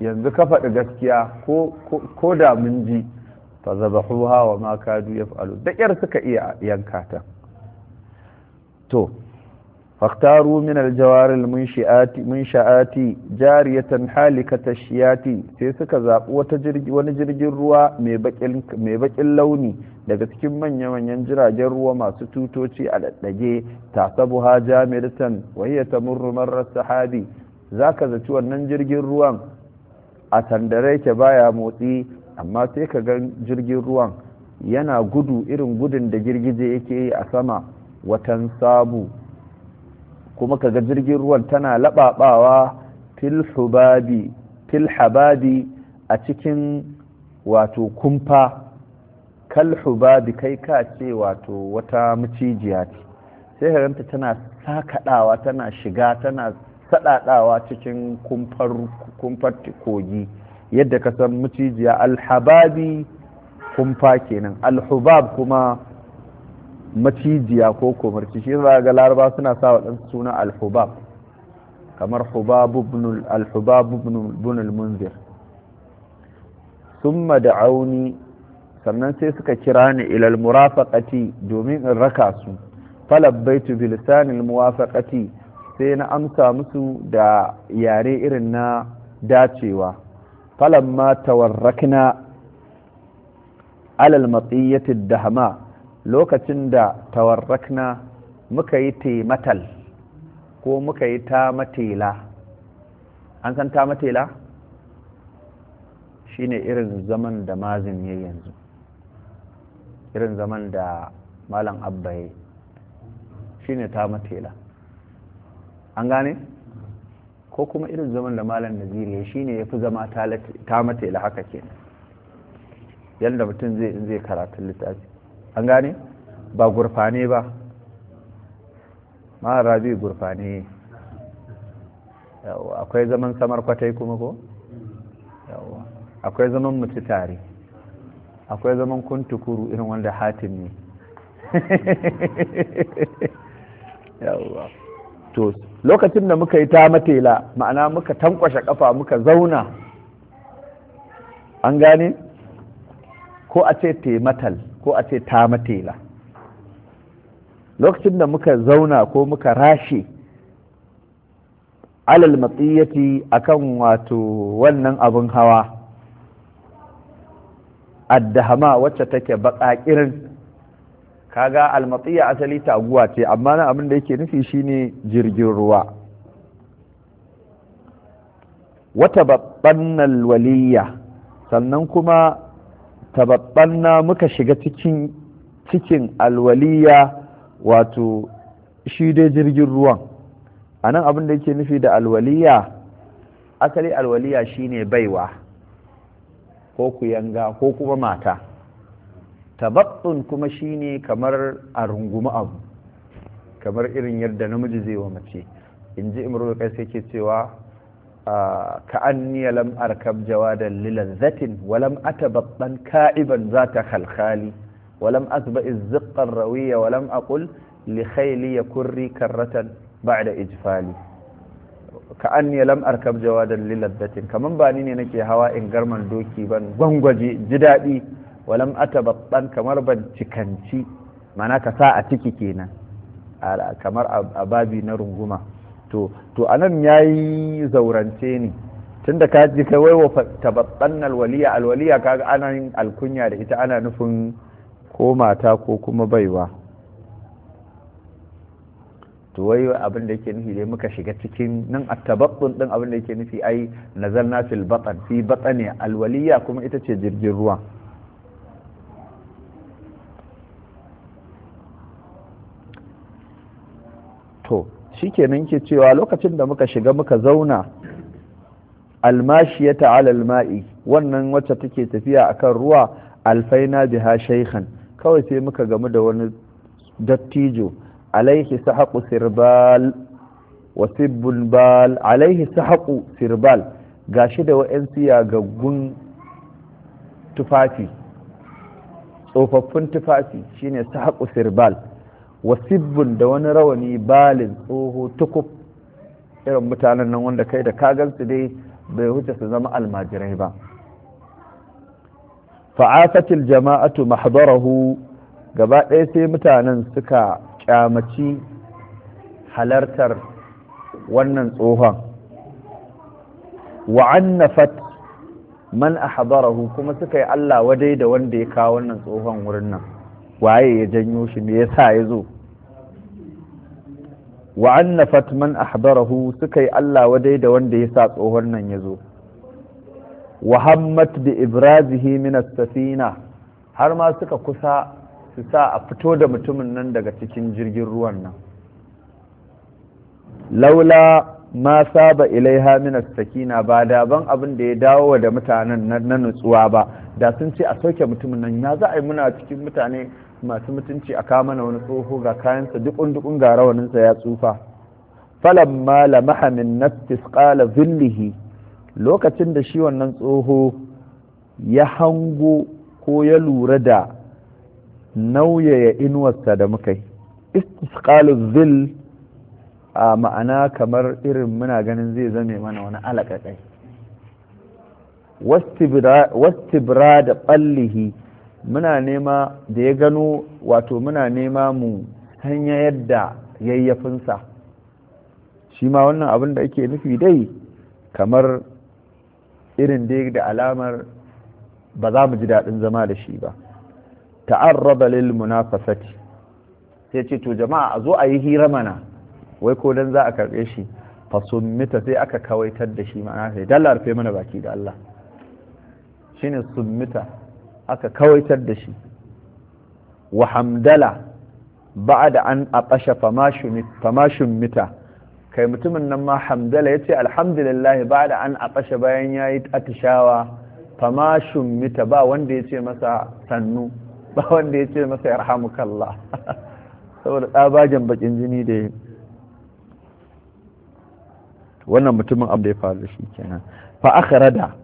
yanzu ka faɗi gaskiya ko da mun ji fa zabahuha wa ma kadu yaf'alu da ƙyar suka iya yanka ta to faktaru min aljawaril mun sha'ati jariyatan halikata shiyati sai suka zaɓi wani jirgin ruwa mai baƙin launi daga cikin manya-manyan jiragen ruwa masu tutoci a daddage sabu ha jamiratan wahiyar ta rasa sahabi za ka zaci wannan jirgin ruwan a tandare ke baya motsi amma sai ka gan jirgin ruwan yana gudu irin gudun da girgije yake yi a sama watan sabu kuma kaga jirgin ruwan tana laɓaɓawa filhababi a cikin wato kumfa kalhubabi kai ka ce wato wata macijiya ce sai haranta tana sakaɗawa tana shiga tana saɗaɗawa cikin kumfar kogi yadda ka san macijiya alhababi kumfa kenan alhubab kuma macijiya ko komarci shi za ga laraba suna sa wa ɗansu suna alhubab kamar alhubab ibn al-munzir sun da sannan sai suka kira ni ilal murafaqati domin in raka su falabbaitu bi lisanil muwafaqati sai na amsa musu da yare irin na dacewa falamma tawarrakna alal matsiyatid dahma lokacin da tawarrakna muka yi taimatal ko muka yi ta matela, an san ta shi shine irin zaman da mazin ya yanzu irin zaman da malam abba ya ta matela, an gane ko kuma irin zaman da malam naziri ya shine ya fi zama ta matela haka ke yadda mutum zai zai karatun littafi an gane ba gurfane ba ma rabi gurfane yawa akwai zaman samar kwatai kuma ko yawa akwai zaman mutu tare akwai zaman kun tukuru irin wanda hatim ne yawa to lokacin da muka yi ta matela ma'ana muka tankwashe kafa muka zauna an gane ko a ce tematal ko a ce tamatela lokacin da muka zauna ko muka rashe alal matsiyati akan wato wannan abin hawa addahama wacce take baka irin kaga almatsiya asali taguwa ce amma na abin da yake nufi shine jirgin ruwa wata babban waliyya sannan kuma na muka shiga cikin cikin alwaliya wato shi dai jirgin ruwan a nan abin da yake nufi da alwaliya asali alwaliya shine baiwa ko ku yanga ko kuma mata tabattun kuma shine kamar a rungumi abu kamar irin yadda namiji zai wa mace in ji imrul kai sai ke cewa كأني لم أركب جوادا للذة ولم أتبطن كائبا ذات خلخالي ولم أتبع الزق الروية ولم أقل لخيلي كري كرة بعد إجفالي كأني لم أركب جوادا للذة كمن بانيني نكي هواء قرما دوكي بان غنغجي جدائي ولم أتبطن كمربا جكنشي معناك ساعة تكي كينا كمر أبابي نرنغما to to anan yayi zaurance ne tunda ka ji kai waiwa tabattan alwaliya alwaliya kaga ana yin alkunya da ita ana nufin ko mata ko kuma baiwa to wai abin da yake nufi dai muka shiga cikin nan attabattun din abin da yake nufi ai nazalna fil batan fi batani alwaliya kuma ita ce jirgin ruwa to shi kenan ke cewa lokacin da muka shiga muka zauna almashiyata alal ma'i wannan wacce take tafiya akan ruwa alfaina biha shaykhan kawai sai muka gamu da wani dattijo alaihi sahaqu sirbal wa sibbun bal alaihi sahaqu sirbal gashi da wa'ansu yagaggun tufafi tsofaffin tufafi shine sahaqu sirbal wasibbun da wani rawani balin tsoho tukub irin mutanen nan wanda kai da kagansu dai bai wuce su zama almajirai ba fa'afatil jama'atu mahdarahu gaba ɗaya sai mutanen suka kyamaci halartar wannan tsohon wa'annafat man a kuma suka yi Allah wadai da wanda ya kawo wannan tsohon wurin nan waye ya janyo shi me yasa ya zo wa annafat man ahdarahu suka yi Allah wadai da wanda ya sa tsohon nan ya zo wa hammat bi ibrazihi min as-safina har ma suka kusa su sa a fito da mutumin nan daga cikin jirgin ruwan nan laula ma saba ilaiha min as-sakina ba da ban abin da ya dawo da mutanen na nutsuwa ba da sun ce a sauke mutumin nan ya za a yi muna cikin mutane masu mutunci a kama na wani tsoho ga kayansa dukun dukun ga rawaninsa ya tsufa falan mala mahamin naftis qala lokacin da shi wannan tsoho ya hango ko ya lura da nauyaya inuwarsa da muka yi istisqalu zil a ma'ana kamar irin muna ganin zai zame mana wani alaƙaƙai wastibra da ɓallihi muna nema da ya gano wato muna nema mu hanya yadda yayyafinsa shi ma wannan abin da ake nufi dai kamar irin dai da alamar ba za mu ji daɗin zama da shi ba ta'arraba lil munafasati sai ce to jama'a a zo a yi hira mana wai ko dan za a karɓe shi fasummita sai aka kawaitar da shi ma'ana sai dalla rufe mana baki da Allah shine sumita aka kawaitar da shi wa hamdala da an aqasha famashin mita kai mutumin nan ma hamdala ya ce alhamdulillah da an aqasha bayan ya yi atishawa famashin mita ba wanda ya ce masa sannu ba wanda ya ce masa yarhamukallah saboda tsabagen bakin jini da ya wannan mutumin abu da ya faru da shi kenan fa akhrada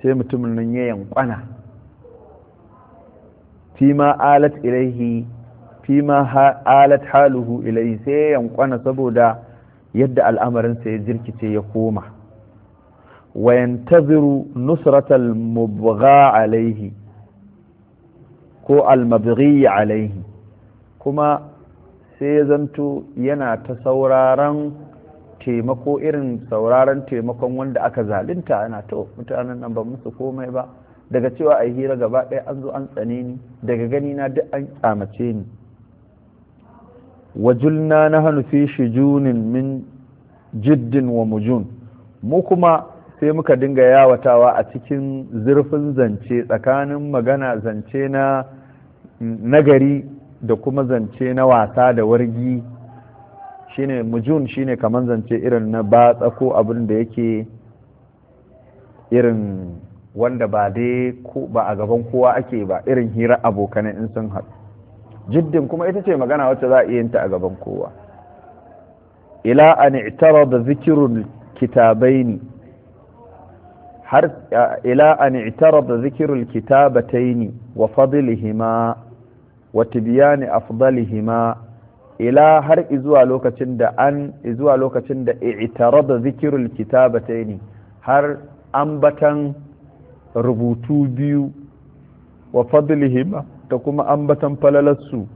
sai mutumin nan ya yankwana fima alat ilaihi fima alat haluhu ilaihi sai ya yankwana saboda yadda al'amarinsa ya jirkice ya koma Wayantabiru nusratal mubgha alaihi ko almabghi alaihi kuma sai ya zanto yana ta sauraron taimako irin sauraron taimakon wanda aka zalunta ana to mutanen nan ba musu komai ba daga cewa a hira gaba ɗaya an zo an tsane ni daga gani na duk an kyamace ni wajulna na hannu fi junin min jiddin wa mujun mu kuma sai muka dinga yawatawa a cikin zurfin zance tsakanin magana zance na nagari da kuma zance na wasa da wargi shine mujun shine kamar zance irin na batsa ko abin da yake irin wanda ba dai ba a gaban kowa ake ba irin hira abokanai in sun haɗu jiddin kuma ita ce magana wacce za a iya ta a gaban kowa ila an itara da zikirun kitabaini har ila an itara da zikirun kitabataini wa fadlihima wa afdalihima ila har izuwa lokacin da an izuwa lokacin da itara da kitabataini har ambatan rubutu biyu wa fadlihima ta kuma ambatan falalarsu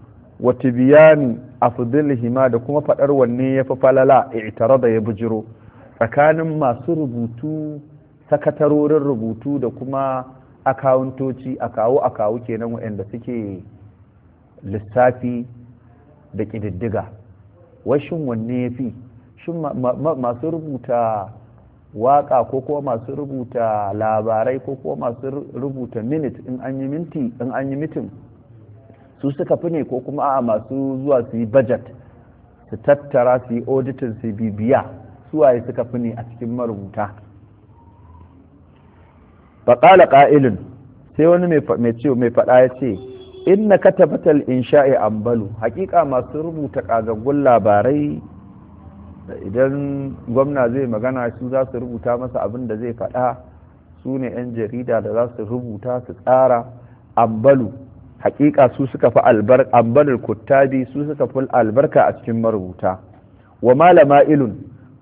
wa tibiyani fadlihima da kuma faɗar wanne ya fi falala itara da ya bujiro tsakanin masu rubutu sakatarorin rubutu da kuma akawuntoci a kawo a kawo kenan waɗanda suke lissafi da ƙididdiga washin wanne ya fi shin masu rubuta waka ko kuma masu rubuta labarai ko kuma masu rubuta minute in an yi minti in an yi mitin su suka fi ne ko kuma a masu zuwa su yi budget su tattara su yi auditing su bibiya suwaye suka fi ne a cikin marubuta faƙala ƙa'ilin sai wani mai faɗa ya ce inna katabatal insha'i ambalu haƙiƙa masu rubuta ƙagaggun labarai idan gwamna zai magana su za su rubuta masa abin da zai faɗa su ne 'yan jarida da za su rubuta su tsara ambalu hakika su suka fi ambalin kuttabi su suka fi albarka a cikin marubuta wa malama ilun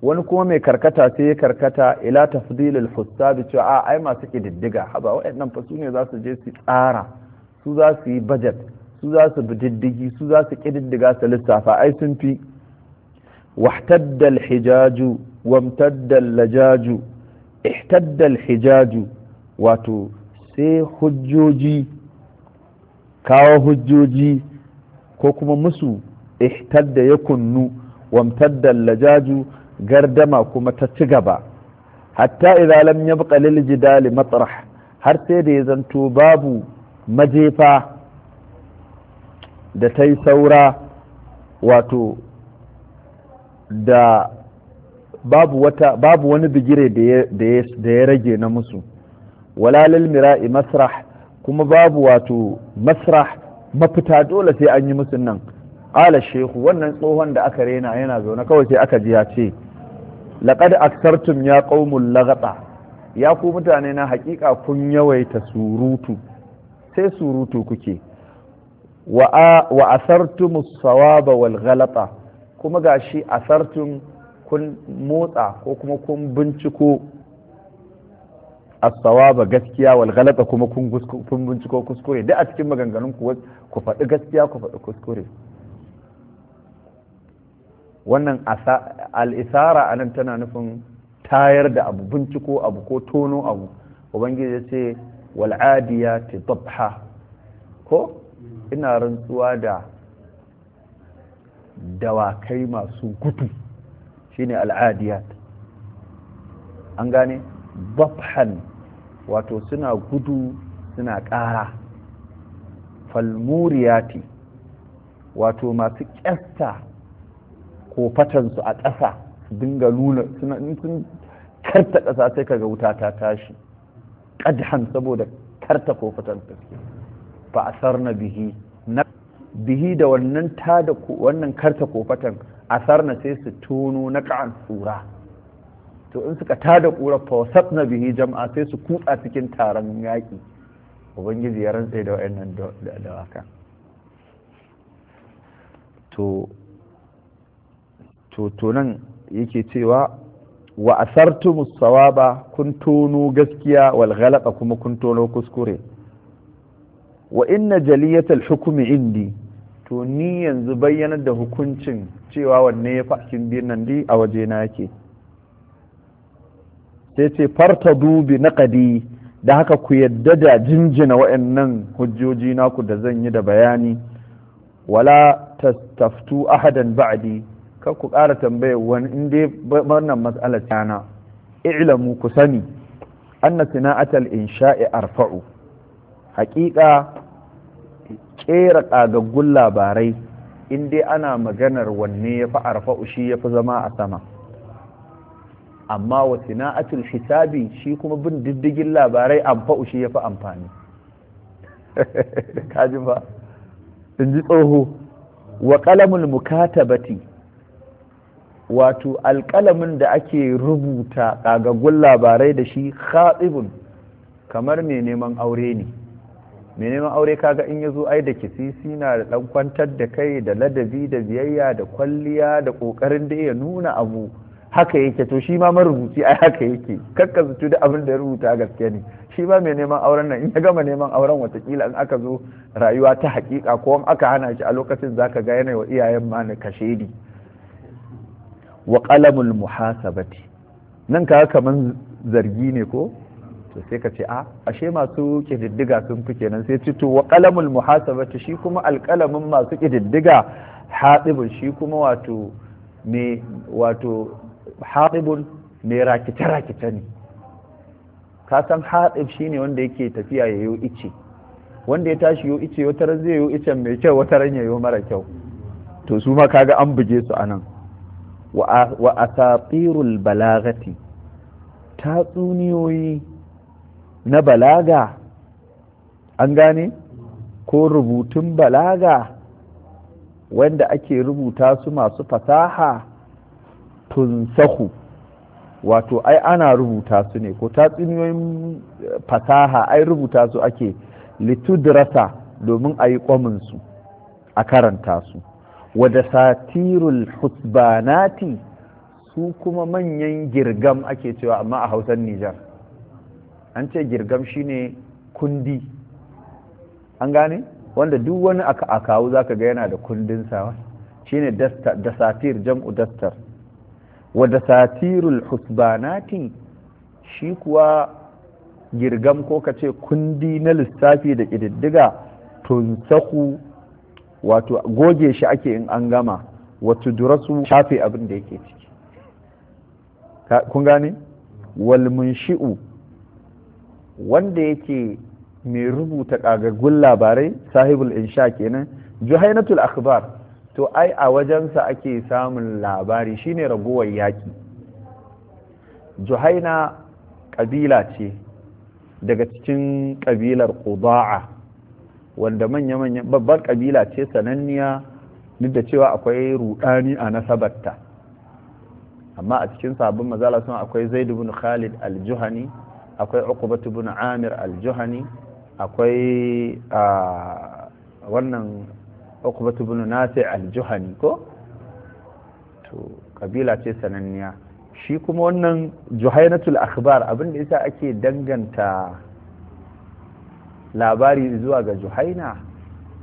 wani kuma mai karkata sai ya karkata ila tafdilil fustabi cewa a ai masu kididdiga haba waɗannan fa su ne za su je su tsara su za su yi budget su za su bi diddigi su za su kididdiga su lissafa ai sun fi واحتد الحجاج وامتد اللجاج احتد الحجاج wato sai hujjoji kawo hujjoji ko kuma musu ihtadda ya kunnu wamtadda lajaju gardama kuma ta ci gaba hatta idza lam yabqa lil jidali har sai da ya zanto babu majefa da ta saura wato da babu wata babu wani bigire da ya rage na musu Walalil mira'i masrah kuma babu wato masrah mafita dole sai an yi musu nan ala shehu wannan tsohon da aka rena yana zaune kawai sai aka ji ya ce laqad aksartum ya qaumul lagata ya ku mutane na haƙiƙa kun yawaita surutu sai surutu kuke wa asartumus sawaba wal ghalata kuma ga shi a asartun kun motsa ko kuma kun binciko Asawaba gaskiya walgalata kuma kun binciko kuskure duk a cikin maganganun ku ku faɗi gaskiya ku faɗi kuskure wannan al a nan tana nufin tayar da abu binciko abu ko tono abu ubangiji ya ce wal ta ko ina rantsuwa da dawakai masu gudu shine al'adiyat an gane babhan wato suna gudu suna ƙara falmuriyati wato masu ƙyasta ko a ƙasa dinga nuna sun karta ƙasa sai kaga wuta ta tashi ƙadhan saboda karta ko fatan fa asarna bihi na bihi da wannan ta da wannan karta kofatan a na sai su tono na ka'an tsura to in suka ta da ƙura fawasat na bihi jama'a sai su kutsa cikin taron yaƙi ubangiji ya rantse da wa'annan dawaka to to to nan yake cewa wa asartu musawaba kun tono gaskiya wal kuma kun tono kuskure wa inna jaliyatal hukumi indi to ni yanzu bayyanar da hukuncin cewa wanne ya cikin biyun nan di a waje na yake sai ce farta dubi naqadi da haka ku yadda da jinjina wa'annan hujjoji ku da zan yi da bayani wala tastaftu ahadan ba'di kar ku ƙara tambayar wani in dai wannan mas'alar tana i'lamu ku sani anna sana'atal insha'i arfa'u hakika kera ƙagaggun labarai in dai ana maganar wanne ya fi arfa'u shi ya fi zama a sama amma wa na'atul hisabi shi kuma bin diddigin labarai amfa'u shi ya fi amfani kaji ba in ji tsoho wa kalamul mukatabati wato alƙalamin da ake rubuta ƙagaggun labarai da shi khatibun kamar mai neman aure ne mai neman aure kaga in ya zo ai da kisisi na da ɗan kwantar da kai da ladabi da biyayya da kwalliya da kokarin da ya nuna abu haka yake to shi ma marubuci ai haka yake kakka zuci da abin da ya rubuta gaske ne shi ba mai neman auren nan in ya gama neman auren watakila in aka zo rayuwa ta hakika ko in aka hana shi a lokacin zaka ga yana wa iyayen ma na kashedi wa qalamul muhasabati nan ka kaman zargi ne ko to sai ka ce a ah, ashe masu kididdiga sun fi kenan sai ce to wa kalamul muhasabati shi kuma alqalamin masu kididdiga hadibun shi kuma wato me wato hadibun me rakita rakita ne ka san hadib shine wanda yake tafiya yayo ice wanda ya tashi yo ice wata ran zai yo icen mai kyau wata ran yayo mara kyau to su ma kaga an buge su anan wa asatirul balagati tatsuniyoyi na balaga an gane ko rubutun balaga wanda ake rubuta su masu fasaha tunsahu wato ai ana rubuta su ne ko tatsuniyoyin fasaha ai rubuta su ake litudrasa domin a yi su a karanta su wada satirul husbanati su kuma manyan girgam ake cewa amma a hausan nijar an ce girgam shine kundi an gane wanda duk wani aka akawu zaka ga yana da kundin sawa shine satir jam'u dastar wa dasatirul husbanati shi kuwa girgam ko ka ce kundi na lissafi da ƙididdiga tunsaku wato goge shi ake in an gama wato durasu shafe abin da yake ciki kun gane wal munshi'u wanda yake mai rubuta ƙagaggun labarai sahibul insha kenan juhainatul akhbar to ai a wajensa ake samun labari shine ragowar yaki juhaina kabila ce daga cikin kabilar qudaa wanda manya manya babbar ƙabila ce sananniya duk da cewa akwai rudani a nasabarta amma a cikin sabon mazala sun akwai zaid ibn khalid al-juhani akwai ukubatu bin amir al-juhani akwai wannan ukubatu bin nasi al-juhani ko to kabila ce sananniya shi kuma wannan juhainatul akhbar abin da yasa ake danganta labari zuwa ga juhaina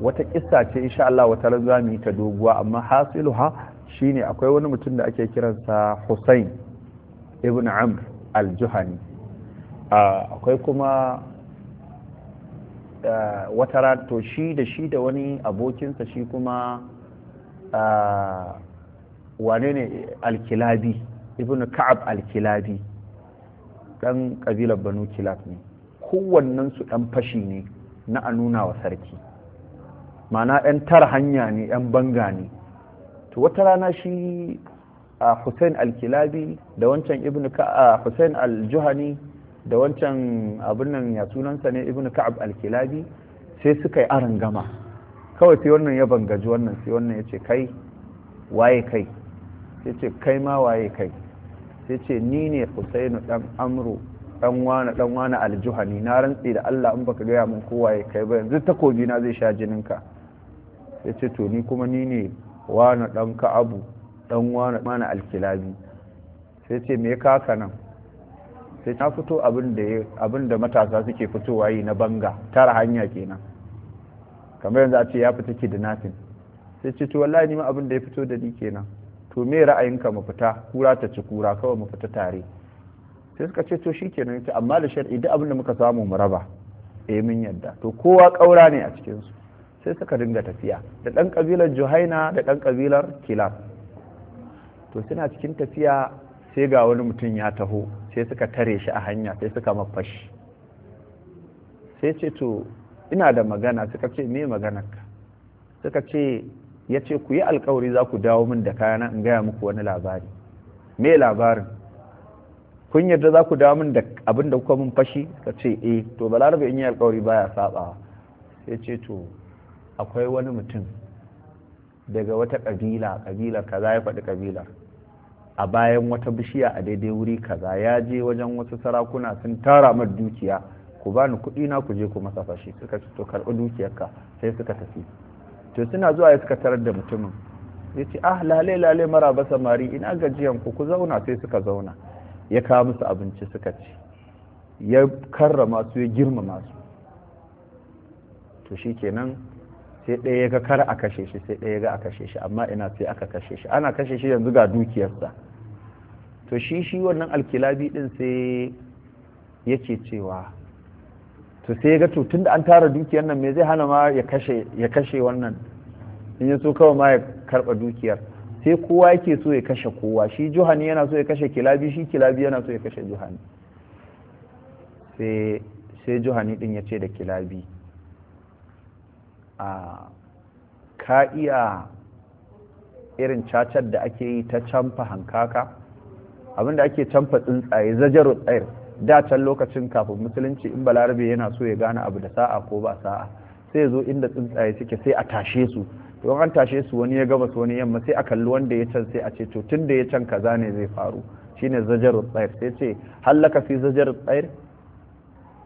wata kissa ce insha Allah wata zuwa mu ta doguwa amma ha shine akwai wani mutum da ake kiransa Hussein ibn Amr al-Juhani akwai kuma wata to shi da shi da wani abokinsa shi kuma wane ne alkilabi ibn ka'ab alkilabi dan kabilar banu kilab ne kowannensu ɗan fashi ne na a nuna wa sarki mana 'yan tara hanya ne 'yan banga ne to wata rana shi a hussein alkilabi da wancan ibn hussein aljuhani da wancan abin nan ya sunansa ne ibn ka'ab al-kilabi sai suka yi aron gama kawai sai wannan ya bangaji wannan sai wannan ya ce kai waye kai sai ce kai ma waye kai sai ce ni ne husainu dan amru dan wani dan wani aljuhani na rantsi da Allah in baka gaya min ko waye kai ba yanzu takobi na zai sha jininka sai ce to ni kuma ni ne wani dan ka'abu dan wani mana alkilabi sai ce me ka nan sai ta fito abin da matasa suke fitowa yi na banga tara hanya kenan kamar yanzu a ce ya fita nasin sai ce to wallahi ni ma abin da ya fito da ni kenan to me ra'ayinka mu fita kura ta ci kura kawai mu fita tare sai suka ce to shikenan yace amma da shar'i duk abin da muka samu mu raba eh mun yadda to kowa kaura ne a cikin sai suka dinga tafiya da ɗan kabilar Juhaina da ɗan kabilar Kilab to suna cikin tafiya sai ga wani mutum ya taho sai suka tare shi a hanya sai suka mafashi sai ce to ina da magana suka ce me maganarka suka ce ya ce ku yi alkawari za ku dawo min da kayana in gaya muku wani labari me labarin kun yarda za ku dawo min da abin da kuka mun fashi suka ce eh to balarabe in yi alkawari baya sabawa sai ce to akwai wani mutum daga wata kabila kabila kaza ya faɗi kabilar a bayan wata bishiya a daidai wuri kaza ya je wajen wasu sarakuna sun tara mar dukiya ku bani kuɗi na ku je ku masa fashi suka to karɓi dukiyarka sai suka tafi to suna zuwa ya suka tarar da mutumin ya ce ah lale lale mara ba samari ina gajiyan ku ku zauna sai suka zauna ya kawo musu abinci suka ci ya karrama su ya girmama su to kenan. sai ɗaya ya ga kar a kashe shi sai ɗaya ya ga a kashe shi amma ina sai aka kashe shi ana kashe shi yanzu ga dukiyarsa to shi shi wannan alkilabi ɗin sai yake cewa to sai ya ga to tunda an tara dukiyar nan me zai hana ma ya kashe ya kashe wannan in ya so kawai ma ya karɓa dukiyar sai kowa yake so ya kashe kowa shi johani yana so ya kashe kilabi shi kilabi yana so ya kashe johani sai sai ɗin ya ce da kilabi a ka iya irin cacar da ake yi ta canfa hankaka abinda ake canfa tsuntsaye Zajar tsayar da can lokacin kafin musulunci in balarabe yana so ya gane abu da sa'a ko ba sa'a sai ya zo inda tsuntsaye suke sai a tashe su to an tashe su wani ya gabas wani yamma sai a kalli wanda ya can sai a ce to tun da ya can kaza ne zai faru shine Zajar tsayar sai ce hallaka fi zajaru tsayar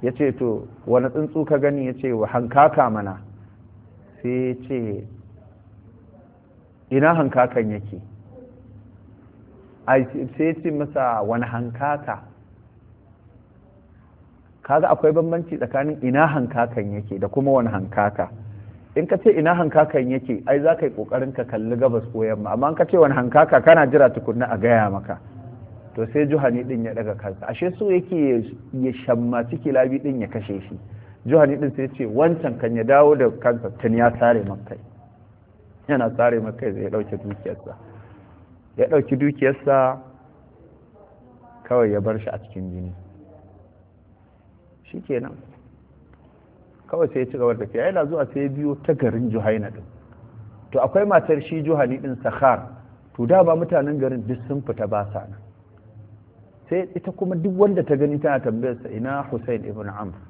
ya ce to wani tsuntsu ka gani ya ce wa hankaka mana sai ce ina hankakan yake sai ce masa wani hankaka kaga akwai bambanci tsakanin ina hankakan yake da kuma wani hankaka in ka ce ina hankakan yake ai za ka yi ƙoƙarin ka kalli gabas ko yamma amma in ka ce wani hankaka kana jira tukunna a gaya maka to sai juhani din ya daga kansa ashe so yake ya shammaci kilabi din ya kashe shi johani din sai ce wancan kan ya dawo da kansa tun ya tsare makai yana tsare makai zai dauke dukiyarsa ya dauki dukiyarsa kawai ya bar shi a cikin jini shikenan kawai sai ya ci gaba da tafiya yana zuwa sai ya biyo ta garin juhaina din to akwai matar shi johani din sakhar to da ba mutanen garin duk sun fita ba sa nan sai ita kuma duk wanda ta gani tana tambayarsa ina Hussein ibn Amr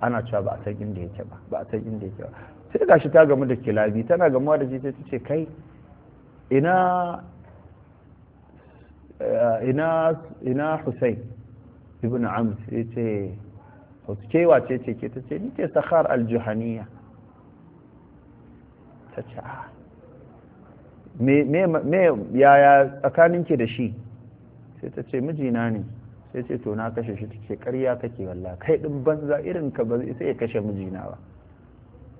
ana cewa ba a san inda yake ba ba a san inda yake ba sai gashi ta gamu da kilabi tana gamuwa da shi ta ce kai ina eh, ina ina Hussein ibn Amr yace ke wace ce ke ta ce ni ke sahar al-Juhaniya ta ce ah, me me yaya tsakaninki da shi sai ta ce mijina ne sai ce to na kashe shi take ƙarya kake walla kai din banza irin ka ba sai ya kashe mijina ba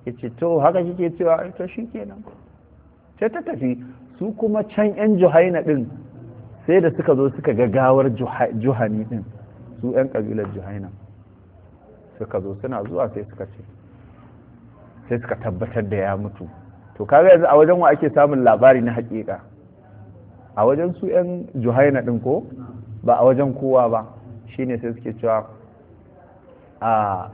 yace to haka kike cewa to shikenan sai ta tafi su kuma can yan juhaina din sai da suka zo suka ga gawar juhani din su yan kabilar juhaina suka zo suna zuwa sai suka ce sai suka tabbatar da ya mutu to kaga yanzu a wajen wa ake samun labari na hakika a wajen su yan juhaina din ko ba a wajen kowa ba shi ne sai suke cewa a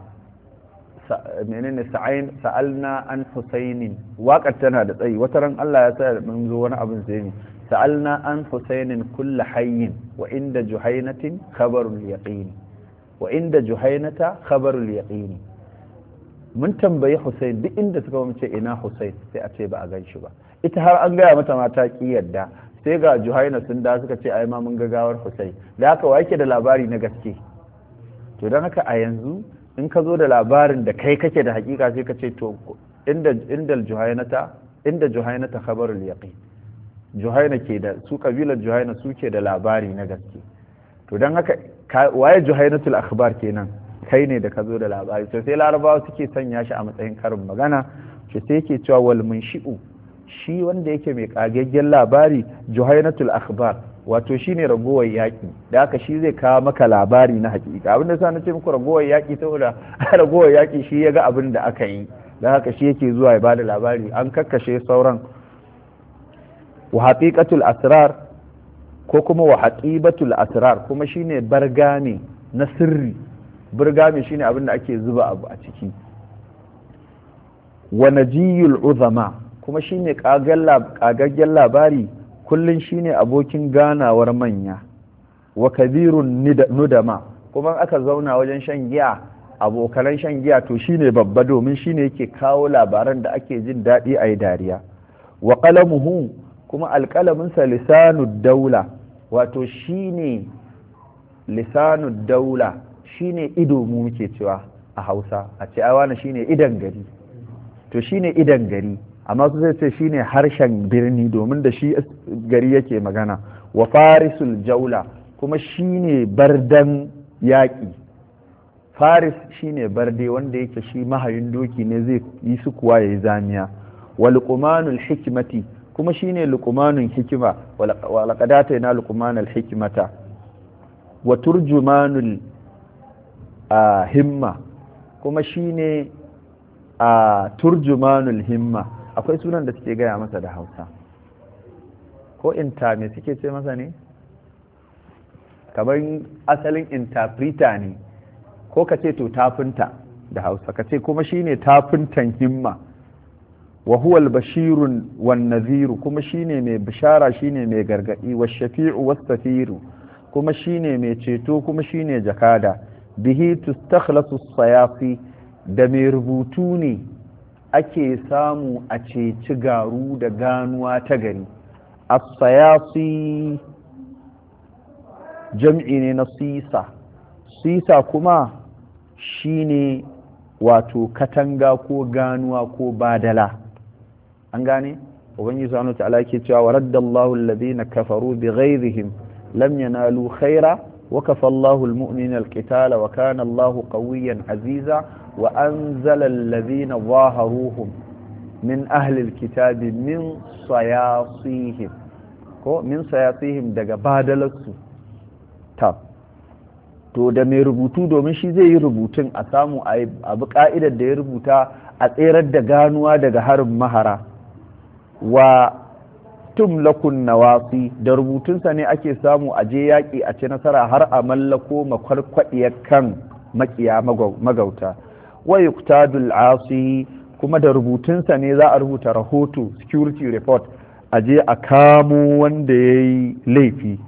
menene sa'ain sa'alna an husainin waƙar tana da tsayi wata ran Allah ya sa da mun zo wani abin sai ne sa'alna an husainin kulla hayyin wa inda juhainatin khabarul yaqin wa inda juhainata khabarul yaqin mun tambayi Husain duk inda suka ce ina Husain sai a ce ba a gan shi ba ita har an gaya mata mata ki yadda sai ga juhaina sun da suka ce ai ma mun gagawar husai da haka wa yake da labari na gaske to don haka a yanzu in ka zo da labarin da kai kake da hakika sai ka ce to inda inda juhainata inda juhainata khabarul yaqin juhaina ke da su kabilar juhaina suke da labari na gaske to don haka waye juhainatul akhbar kenan kai ne da ka zo da labari to sai larabawa suke sanya shi a matsayin karin magana Sai sai yake cewa wal munshi'u shi wanda yake mai kagaggen labari juhainatul akhbar wato shine ragowar yaƙi da haka shi zai kawo maka labari na hakika abin da sa ce muku ragowar yaƙi wula ragowar yaƙi shi ya ga abin da aka yi da haka shi yake zuwa ya bada labari an kakkashe sauran wa haqiqatul asrar ko kuma wa haqibatul asrar kuma shine bargami na sirri bargami shine abin da ake zuba abu a ciki wa najiyul uzama kuma shi ne kagaggen labari kullum shi ne abokin ganawar manya wa kabirun nudama kuma aka zauna wajen shan giya abokanan shan giya to shi ne babba domin shi ne yake kawo labaran da ake jin daɗi a yi dariya wa ƙalamuhu kuma alƙalaminsa lisanud daula wato shi ne lisanud daula shi ne ido mu muke cewa a hausa a ce shi ne idan gari to shi ne idan gari amma su zai ce ne harshen birni domin da shi gari yake magana wa farisul jaula kuma shi ne bardan yaƙi faris shi ne barde wanda yake shi mahayin doki ne zai yi su kuwa ya yi zamiya wa lukumanul hikimati kuma shi ne lukumanun hikima wa laqadata yana lukumanul hikimata wa turjumanul himma kuma shi ne turjumanul himma akwai sunan da suke gaya masa da hausa ko inta me suke ce masa ne kamar asalin intafrita ne ko ka ce to tafinta da hausa ka ce kuma shine tafintan himma wa huwa bashirun wan nadhiru kuma shine mai bishara shine mai gargaɗi wa shafi'u wa safiru kuma shine mai ceto kuma shine jakada bihi tustakhlasu sayafi da mai rubutu ne ake samu a ceci garu da ganuwa ta gari asayasi jam'i ne na sisa sisa kuma shine wato katanga ko ganuwa ko badala an gane ubangiji subhanahu wa ta'ala ke cewa wa raddallahu alladhina kafaru bighayrihim lam yanalu khaira وكفى الله المؤمن القتال وكان الله قويا عزيزا وأنزل الذين ظاهروهم من أهل الكتاب من صياصيهم من صياصيهم دقى بعد بادلتسو طب to da mai rubutu domin shi zai yi rubutun a samu a bi ka'idar da ya rubuta a tserar da ganuwa daga harin mahara wa tum lakun nawasi da rubutunsa ne ake samu a je yaƙi a ci nasara har a mallako makwarkwaɗiyar kan makiya magauta wa yuktadul asi kuma da rubutunsa ne za a rubuta rahoto security report a je a kamo wanda ya yi laifi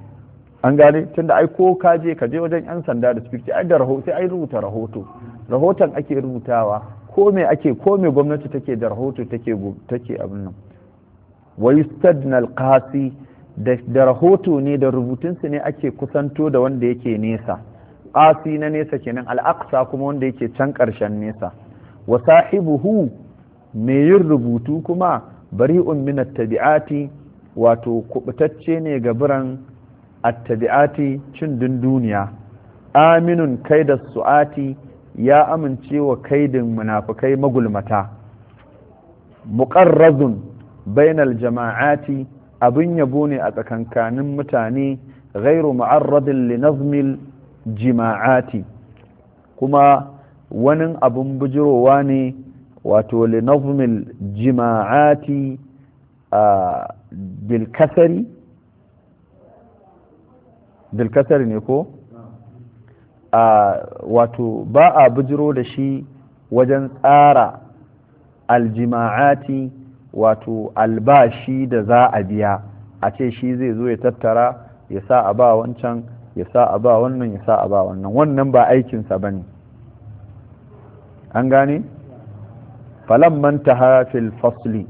an gane tunda ai ko ka je ka je wajen yan sanda da security ai da rahoto ai rubuta rahoto rahoton ake rubutawa ko me ake ko me gwamnati take da rahoto take take abin nan wa yustadna alqasi da rahoto ne da rubutunsu ne ake kusanto da wanda yake nesa qasi na nesa kenan al'aqsa kuma wanda yake can ƙarshen nesa wa sahibuhu mai yin rubutu kuma bari'un min wato kubutacce ne ga biran attabi'ati cin cin dunduniya aminun da su'ati ya amince wa kaidin munafukai magulmata muqarrazun bainal jama'ati abin yabo ne a tsakankanin mutane ghairu ma'arradin li nazmil jima'ati kuma wani abin bujirowa ne wato li nazmil jima'ati a bilkasari bilkasari ne ko a wato ba a bujiro da shi wajen tsara aljima'ati wato albashi da za a biya a ce shi zai zo ya tattara ya sa a ba wancan ya sa a ba wannan ya sa a ba wannan wannan ba aikinsa ba ne an gane falamman ta fil fasli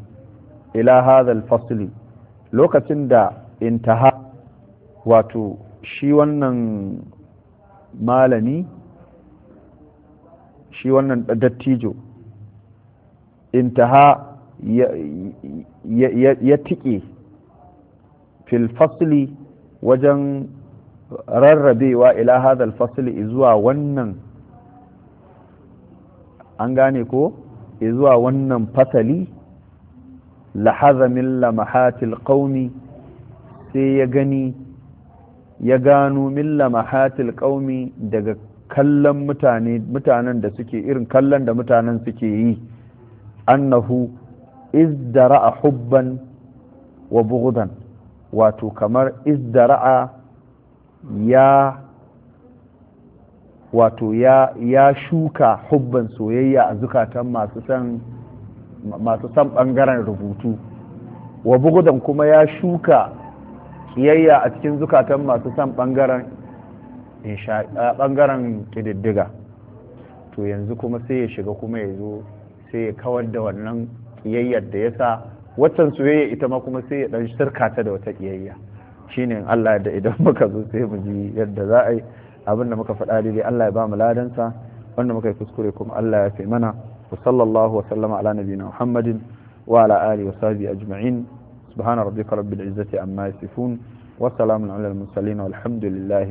ila hadha fasli lokacin da intaha wato shi wannan malami shi wannan dattijo intaha ya tike filfasili wajen rarrabewa ila hadal fasli izuwa wannan an gane ko zuwa wannan fasali lahazamin lamahatil qaumi sai ya gani ya gano min lamahatil qaumi daga kallon mutanen da suke irin kallon da mutanen suke yi annahu izdara'a hubban wa bugudan wato kamar izdara'a ya wato ya, shuka hubban soyayya a zukatan masu san ɓangaren rubutu wa bugudan kuma ya shuka kiyayya a cikin zukatan masu san ɓangaren ɓangaren ƙididdiga to yanzu kuma sai ya shiga kuma ya zo sai ya kawar da wannan kiyayyar da ya sa soyayya ita ma kuma sai ya dan shirka ta da wata ƙiyayya shine Allah da idan muka zo sai mu ji yadda za a yi abin da muka faɗa dai Allah ya ba mu ladansa wanda muka yi kuskure kuma Allah ya fi mana wa sallallahu wa sallama ala nabiyina Muhammadin wa ala alihi wa sahbihi ajma'in subhana rabbika rabbil izzati amma yasifun wa salamun ala al mursalin walhamdulillah